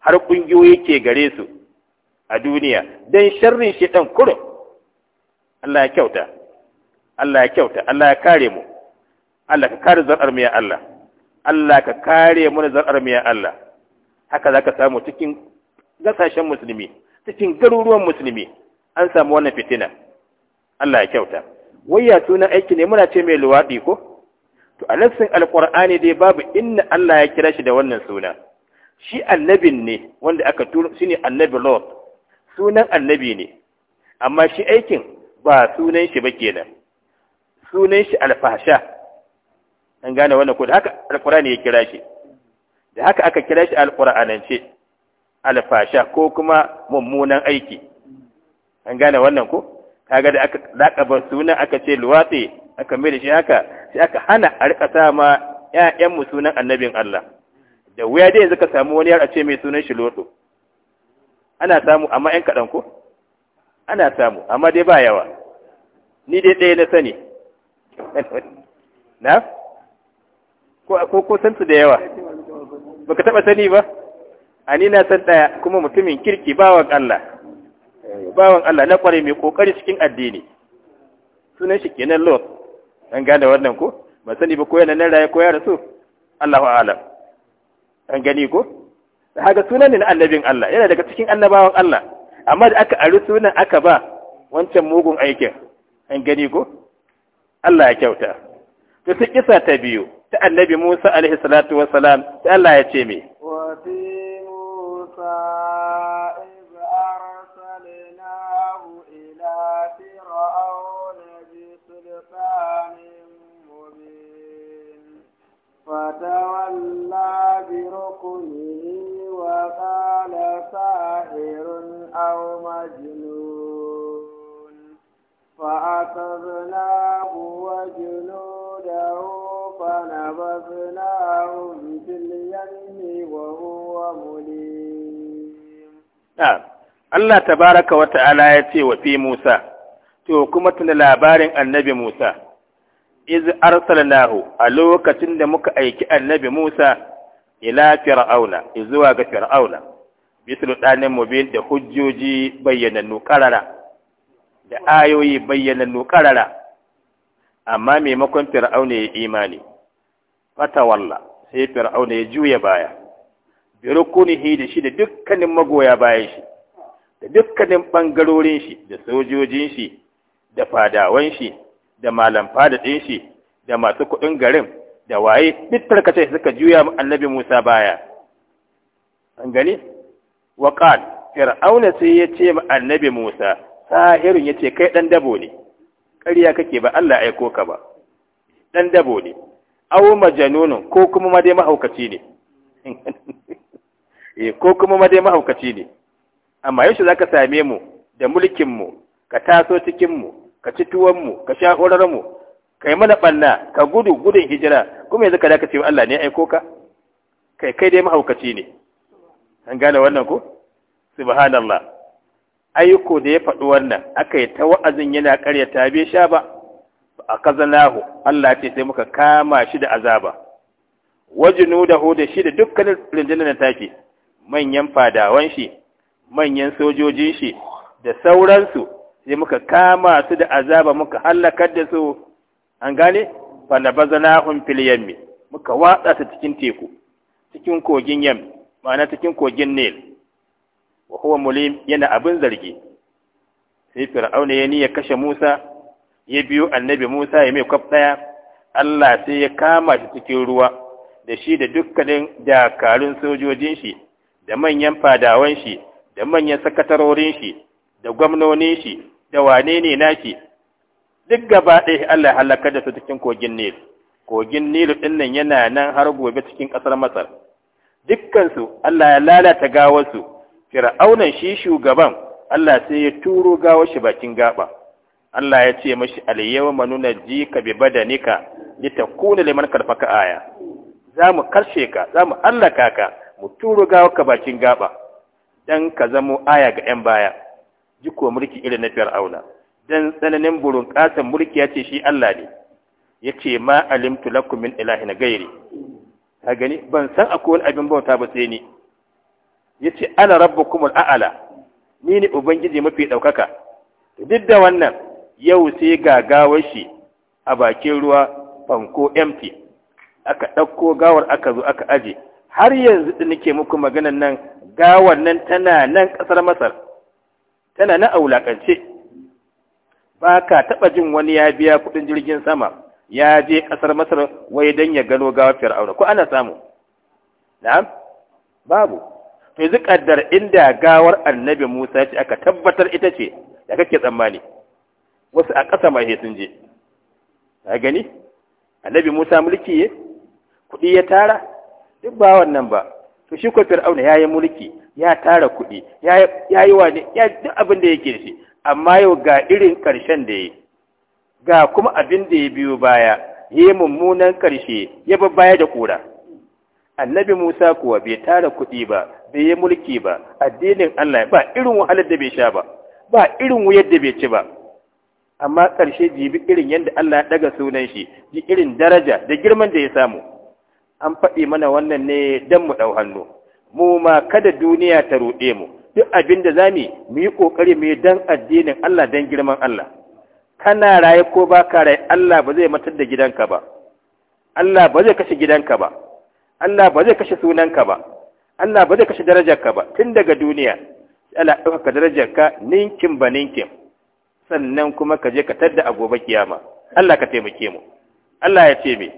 har kungiyoyi ke gare su a duniya don sharrin shedan kurin Allah ya kyauta Allah ya kyauta Allah ya kare mu Allah ka kare zar'ar mu ya Allah Allah ka kare mu da zar'ar mu ya Allah haka zaka samu cikin gasashen musulmi cikin garuruwan musulmi an samu wannan fitina Allah ya kyauta wayya sunan aiki ne muna ce mai luwaɗi ko to a nassin alqur'ani dai babu inna Allah ya kira shi da wannan suna shi annabin ne wanda aka turo shine annabi lord sunan annabi ne amma shi aikin ba sunan shi ba kenan sunan shi alfahsha an gane wannan ko da haka alqur'ani ya kira shi da haka aka kira shi alqur'anance alfasha ko kuma mummunan aiki an gane wannan ko kaga da aka ba suna aka ce luwatsi aka mai da shi haka sai aka hana a rika sa ma ƴaƴan mu sunan annabin Allah da wuya dai yanzu ka samu wani yar a ce mai sunan shi lodo ana samu amma ƴan kaɗan ko ana samu amma dai ba yawa ni dai ɗaya na sani na ko ko san su da yawa baka taba sani ba ani na san ɗaya kuma mutumin kirki bawa Allah bawan Allah na kware mai kokari cikin addini sunan shi kenan lot an gane wannan ko ba sani ba ko yana nan raye ko ya rasu Allahu a'lam an gani ko haka sunan ne na annabin Allah yana daga cikin annabawan Allah amma da aka ari sunan aka ba wancan mugun aikin an gani ko Allah ya kyauta to sai kisa ta biyu ta annabi Musa alaihi salatu wassalam sai Allah ya ce me wa Musa Fatawar Labiro Kulu ne wakalar sa'irin auma juni, fa'adatar kuwa juni da ofis na Allah ta baraka wata ala ya ce waɗanne Musa? To kuma tana labarin annabi Musa? iz arsalnahu a lokacin da muka aiki annabi Musa ila fir'auna zuwa ga fir'auna bisu danin mubin da hujjoji bayyanannu karara da ayoyi bayyanannu karara amma maimakon fir'auna ya imani fata walla sai fir'auna ya juya baya bi rukunihi da shi da dukkanin magoya bayan shi da dukkanin bangarorin shi da sojojin shi da fadawan shi da malamfa da ɗin shi da masu kuɗin garin da waye duk tarkace suka juya annabi Musa baya an gani wa qal fir'auna sai ya ce ma annabi Musa sahirun yace kai dan dabo ne ƙarya kake ba Allah aiko ka ba dan dabo ne aw majanunun ko kuma ma dai mahaukaci ne eh ko kuma ma dai mahaukaci ne amma yaushe zaka same mu da mulkin mu ka taso cikin mu ka ci tuwonmu ka sha horarmu ka yi mana ɓanna ka gudu gudun hijira kuma yanzu ka daka ce Allah ne aiko ka kai kai dai mahaukaci ne an gane wannan ko subhanallah ayyuko da ya faɗi wannan aka yi ta wa'azin yana ƙaryata bai sha ba a kazanahu Allah ce sai muka kama shi da azaba wajinu da hu da shi da dukkanin rundunar take manyan fadawan shi manyan sojojin shi da sauransu sai muka kama su da azaba muka halakar da su an gane fa nabaznahum fil yammi muka watsa su cikin teku cikin kogin yam ma'ana cikin kogin nil wa huwa mulim yana abin zargi sai fir'auna ya niyya kashe Musa ya biyo annabi Musa ya mai kwaf daya Allah sai ya kama shi cikin ruwa da shi da dukkanin dakarun sojojin shi da manyan fadawan shi da manyan sakatarorin shi da gwamnonin shi da wane ne nashi duk gaba ɗaya Allah ya halaka da su cikin kogin Nil kogin Nil din nan yana nan har gobe cikin ƙasar Masar dukkansu Allah ya lalata gawarsu fir'aunan shi shugaban Allah sai ya turo gawar shi bakin gaba Allah ya ce mashi al nuna Jika bi badanika litakuna liman karfaka aya zamu karshe ka zamu hallaka ka mu turo gawar ka bakin gaba dan ka zamo aya ga 'yan baya ji mulki irin na fir'auna dan tsananin burin mulki ya ce shi Allah ne ya ce ma alimtu lakum min ilahin gairi ka gani ban san akwai wani abin bauta ba sai ni ya ce ana rabbukum Aala. ni ne ubangiji mafi ɗaukaka duk da wannan yau sai gagawar shi a bakin ruwa fanko empty aka ɗauko gawar aka zo aka aje har yanzu da nake muku maganan nan gawar nan tana nan ƙasar masar tana na aulakance ba ka taɓa jin wani ya biya kuɗin jirgin sama ya je ƙasar masar wai don ya gano gawar fir'auna ko ana samu na'am babu to yanzu kaddar inda gawar annabi musa ce aka tabbatar ita ce da kake tsammani wasu a ƙasa mai sun je ka gani annabi musa mulki ya kuɗi ya tara duk ba wannan ba to shi ko fir'auna ya yi mulki ya tara kuɗi ya yi wane ya duk abin da yake shi amma yau ga irin ƙarshen da ya ga kuma abin da ya biyo baya ya yi mummunan ƙarshe ya bi baya da ƙura annabi musa kuwa bai tara kuɗi ba bai yi mulki ba addinin allah ba irin wahalar da bai sha ba ba irin wuyar da bai ci ba amma ƙarshe jibi irin yadda allah ya ɗaga sunan shi ji irin daraja da girman da ya samu an faɗi mana wannan ne don mu ɗau hannu mu ma kada duniya ta ruɗe mu duk abin da za mu yi ƙoƙari mu yi don addinin Allah don girman Allah kana raye ko ba ka raye Allah ba zai matar da gidanka ba Allah ba zai kashe gidanka ba Allah ba zai kashe sunanka ba Allah ba zai kashe darajarka ba tun daga duniya Allah ɗaukaka darajarka ninkin ba ninkin sannan kuma ka je ka tadda a gobe kiyama Allah ka taimake mu Allah ya ce me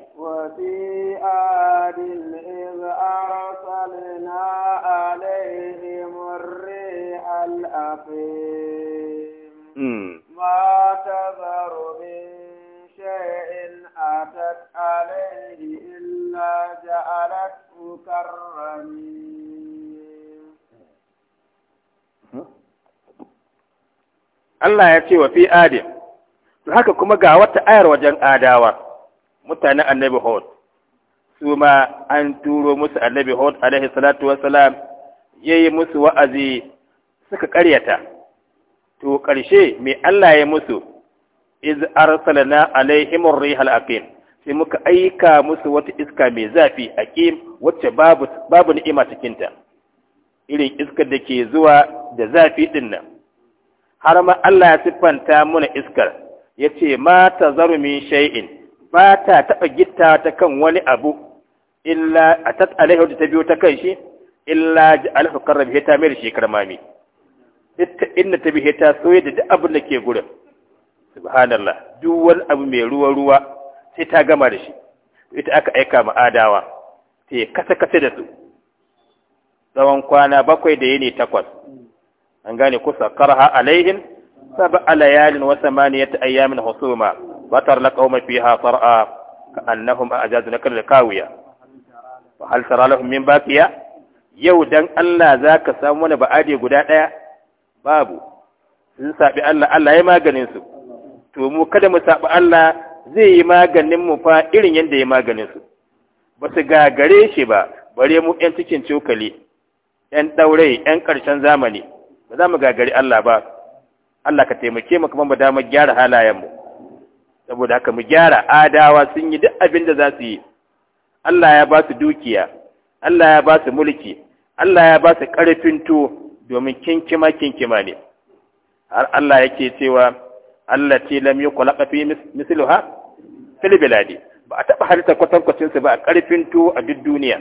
Allah ya ce wa fi adi to haka kuma ga wata ayar wajen adawa, mutanen annabi Hud, su ma an turo musu annabi Hud alaihi salatu wassalam ya yi musu wa'azi suka ƙaryata, to ƙarshe mai Allah ya musu, iz arsalna alaihimur rihal aqim sai muka aika musu wata iska mai zafi a ƙim wacce babu babu ni'ima cikinta irin iskar da ke zuwa da zafi din nan har ma Allah ya siffanta muna iskar yace ma zaru min shay'in ba ta taɓa gitta ta kan wani abu illa a alaihi da ta biyo ta kan shi illa ji alfa karrabi hita mai da shekar mami ita inda ta bi ta soye da duk abin da ke gurin subhanallah duk wani abu mai ruwa ruwa sai ta gama da shi ita aka aika ma adawa sai kasa kasa da su tsawon kwana bakwai da yini takwas an gane kusa karha alaihin saba alayalin wa samaniyat ayyamin husuma batar na qauma mafi sar'a ka a ajazu na kawiya wa hal tara lahum min bakiya yau dan Allah za ka samu wani ba'adi guda daya babu sun saɓi Allah Allah ya maganin su to mu kada mu saɓi Allah zai yi maganin mu fa irin yadda ya maganin su ba su gagare shi ba bare mu yan cikin cokali yan ɗaurai, yan ƙarshen zamani ba za mu gagari Allah ba Allah ka taimake mu kuma ba mu gyara halayen mu saboda haka mu gyara adawa sun yi duk abin da za su yi Allah ya ba su dukiya Allah ya ba su mulki Allah ya ba su ƙarfin to domin kinkima kinkima ne har Allah yake cewa Allah ce lam yuqlaqa fi misluha fil ba a taɓa halitta kwatankwacinsu su ba a ƙarfin tuwo a duk duniya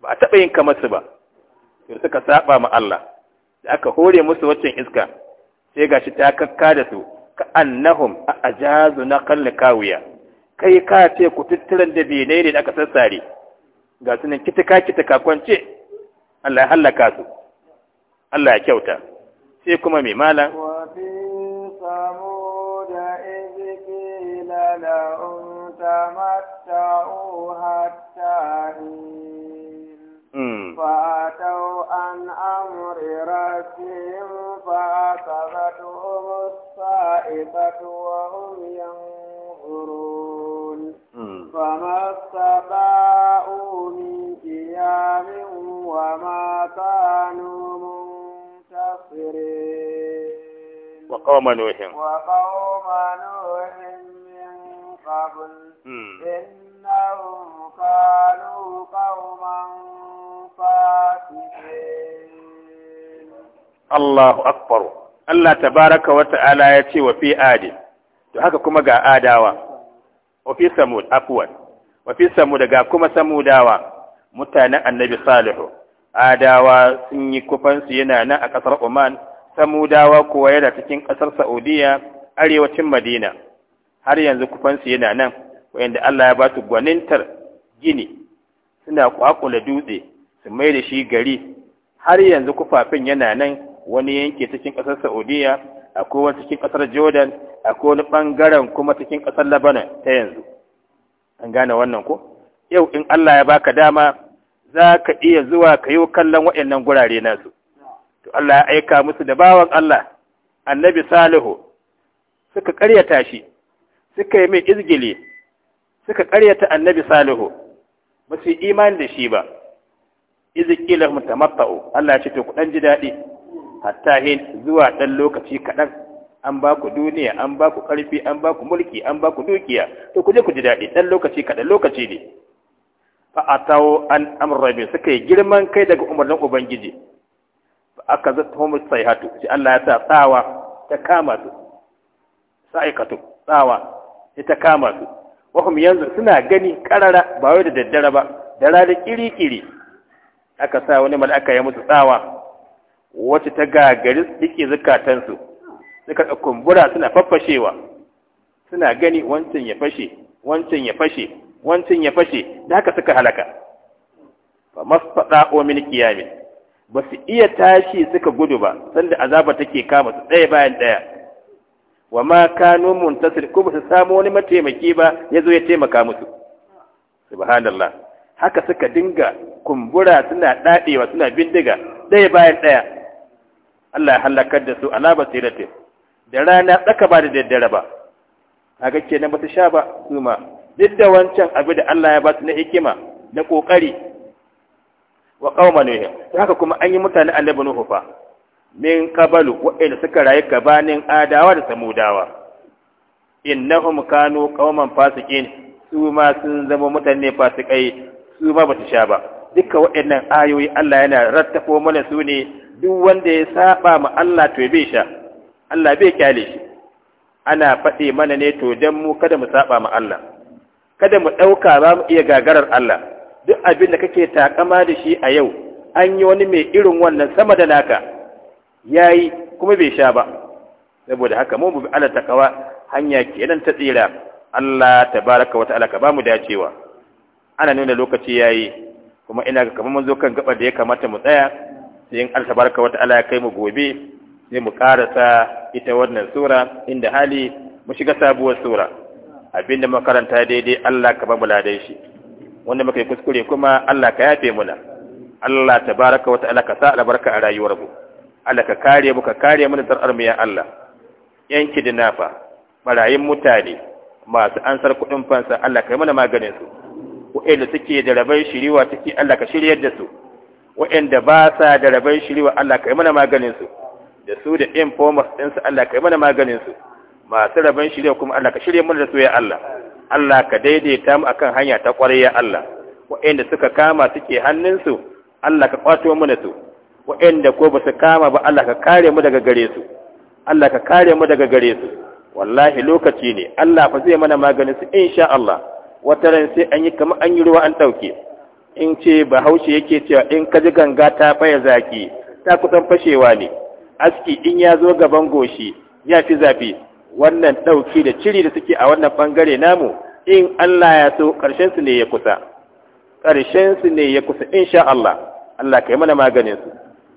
ba a taɓa yin kamar su ba sai suka saba ma Allah da aka hore musu waccan iska sai gashi ta kakka da su ka annahum a ajazu na kalli kawiya kai ka ce ku tutturan da bene ne da aka sassare ga sunan kitaka kitaka kwance Allah ya hallaka su Allah ya kyauta sai kuma mai malam لهم تمتعوا حتى حين فأتوا عن أمر ربهم فأخذتهم الصائفة وهم ينظرون فما استطاعوا من قيام وما كانوا منتصرين وقوم نوح وقوم نوح قبل إنهم كانوا قوما فاسقين الله أكبر Allah tabaraka wa ta'ala ya ce wa fi adi, to haka kuma ga adawa, wa fi samud afuwan, wa fi samu ga kuma mutanen annabi salihu, adawa sun yi kufansu yana nan a ƙasar Oman, samudawa kuwa yana cikin ƙasar Saudiyya? arewacin Madina. har yanzu kufansu yana nan wayanda Allah ya ba su gwanintar gini suna kwakula dutse su mai da shi gari har yanzu kufafin yana nan wani yanke cikin ƙasar Saudiya akwai wani cikin ƙasar Jordan akwai wani ɓangaren kuma cikin ƙasar Lebanon ta yanzu an gane wannan ko yau in Allah ya baka dama za ka iya zuwa ka yi kallon waɗannan gurare nasu to Allah ya aika musu da bawan Allah annabi Salihu suka ƙaryata shi suka yi mai izgili suka karyata annabi salihu ba su yi imani da shi ba ta mutamatta'u Allah ce to ku ɗan ji daɗi hatta hin zuwa ɗan lokaci kaɗan an ba ku duniya an ba ku ƙarfi an ba ku mulki an ba ku dukiya to ku je ku ji daɗi ɗan lokaci kaɗan lokaci ne fa tawo an amrabi suka yi girman kai daga umarnin ubangiji fa aka zatuhum sayhatu shi Allah ya sa tsawa ta kama su sa'ikatu tsawa ita kama su wahum yanzu suna gani karara ba wai da daddare ba da rana kiri-kiri aka sa wani mal'aka ya mutu tsawa wacce ta gagari dike zukatansu suka kumbura suna faffashewa suna gani wancan ya fashe wancan ya fashe wancan ya fashe da haka suka halaka fa masfada o min kiyamin ba su iya tashi suka gudu ba sanda azaba take kama su ɗaya bayan ɗaya wa ma kanu muntasir ko ba su samu wani mataimaki ba ya zo ya taimaka musu subhanallah haka suka dinga kumbura suna dadewa suna bindiga ɗaya bayan ɗaya Allah ya halakar da su ala basiratin da rana tsaka ba da daddare ba kaga kenan ba su sha ba su ma duk da wancan abu da Allah ya ba su na hikima na kokari wa qauma nuh haka kuma an yi mutane annabi hufa fa min kabalu waɗanda suka rayu gabanin adawa da samudawa innahum kanu qauman fasikin su ma sun zama mutane fasikai su ma su sha ba duka waɗannan ayoyi Allah yana rattafo mana su ne duk wanda ya saba ma Allah to bai sha Allah bai kyale shi ana faɗi mana ne to dan mu kada mu saba ma Allah kada mu ɗauka za mu iya gagarar Allah duk abin da kake takama da shi a yau an yi wani mai irin wannan sama da naka Ya yi kuma bai sha ba saboda haka mu bi ala takawa hanya ke nan ta tsira Allah tabaraka wa ta'ala ka mu dacewa ana nuna lokaci ya yi kuma ina ga kamar mun zo kan gaba da ya kamata mu tsaya sai in Allah tabaraka wa ta'ala ya kai mu gobe sai mu karasa ita wannan sura inda hali mu shiga sabuwar sura abinda makaranta daidai Allah ka mu ladan shi wanda muka yi kuskure kuma Allah ka yafe muna Allah tabaraka wa ta'ala ka sa albarka a rayuwar mu Allah ka kare mu ka kare mu da tsar armiya ya Allah yan kidnafa barayin mutane masu ansar kuɗin fansa Allah kai mana maganin su wa'anda suke da rabai shiriwa take Allah ka shiryar da su wa'anda ba sa da rabai shiriwa Allah kai mana maganin su da su da informers su Allah kai mana maganin su masu rabon shiriwa kuma Allah ka shirya mana da su ya Allah Allah ka daidaita mu akan hanya ta ƙwarai ya Allah waɗanda suka kama suke hannunsu Allah ka kwato mana su waɗanda ko ba su kama ba Allah ka kare mu daga gare su Allah ka kare mu daga gare su wallahi lokaci ne Allah fa zai mana maganin su insha Allah wata ran sai an yi kamar an yi ruwa an dauke in ce bahaushe yake cewa in ka ji ganga ta faya zaki ta kusan fashewa ne aski in ya zo gaban goshi ya fi zafi wannan dauki da ciri da suke a wannan bangare namu in Allah ya so karshen su ne ya kusa karshen su ne ya kusa insha Allah Allah ka yi mana maganin su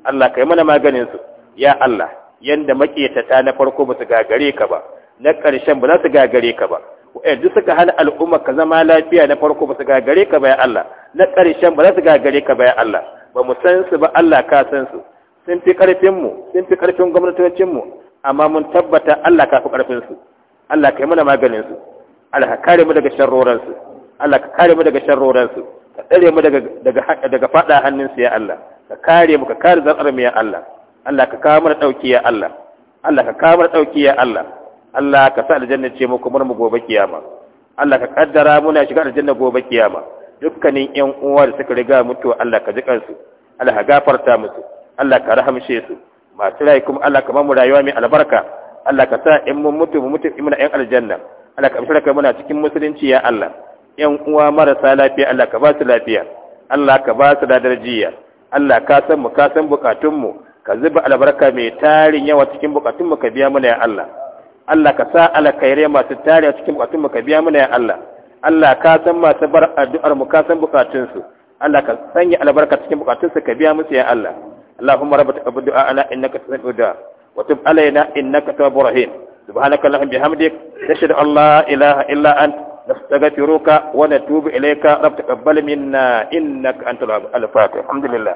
Allah kai mana maganin su ya Allah yanda makiyata na farko ba su gagare ka ba na ƙarshen ba za su gagare ka ba duk suka hana al'umma ka zama lafiya na farko ba su gagare ka ba ya Allah na ƙarshen ba za su gagare ka ba ya Allah ba mu san su ba Allah ka san su sun fi karfin mu sun fi ƙarfin gwamnatocin mu amma mun tabbata Allah ka fi karfin su Allah ka yi mana maganin su Allah ka kare mu daga sharroran su Allah ka kare mu daga sharroran su ka tsare mu daga faɗa hannun su hannunsa ya Allah ka kare mu ka kare zarar mu ya Allah Allah ka kawo mana ɗauki ya Allah Allah ka kawo mana ɗauki ya Allah Allah ka sa aljanna ce mu kuma mu gobe kiyama Allah ka kaddara muna shiga aljanna gobe kiyama dukkanin yan uwa da suka riga mutuwa Allah ka ji kansu Allah ka gafarta musu Allah ka rahamshe su masu rayu kuma Allah ka mu rayuwa mai albarka Allah ka sa in mun mutu mu mutu muna ƴan aljanna Allah ka amshara kai muna cikin musulunci ya Allah yan uwa marasa lafiya Allah ka ba su lafiya Allah ka ba su ladarjiya Allah ka san mu ka san bukatun mu ka zuba albarka mai tarin yawa cikin bukatun mu ka biya mana ya Allah Allah ka sa alkhairi masu tarin cikin bukatun mu ka biya mana ya Allah Allah ka san masu bar addu'ar mu ka san bukatun su Allah ka sanya albarka cikin bukatun su ka biya musu ya Allah Allahumma rabbaka du'a ala innaka sami'ud du'a wa tub alaina innaka tawwabur rahim subhanaka allahumma bihamdik nashhadu an la ilaha illa anta نستغفرك ونتوب إليك رب تقبل منا إنك أنت الفاتح الحمد لله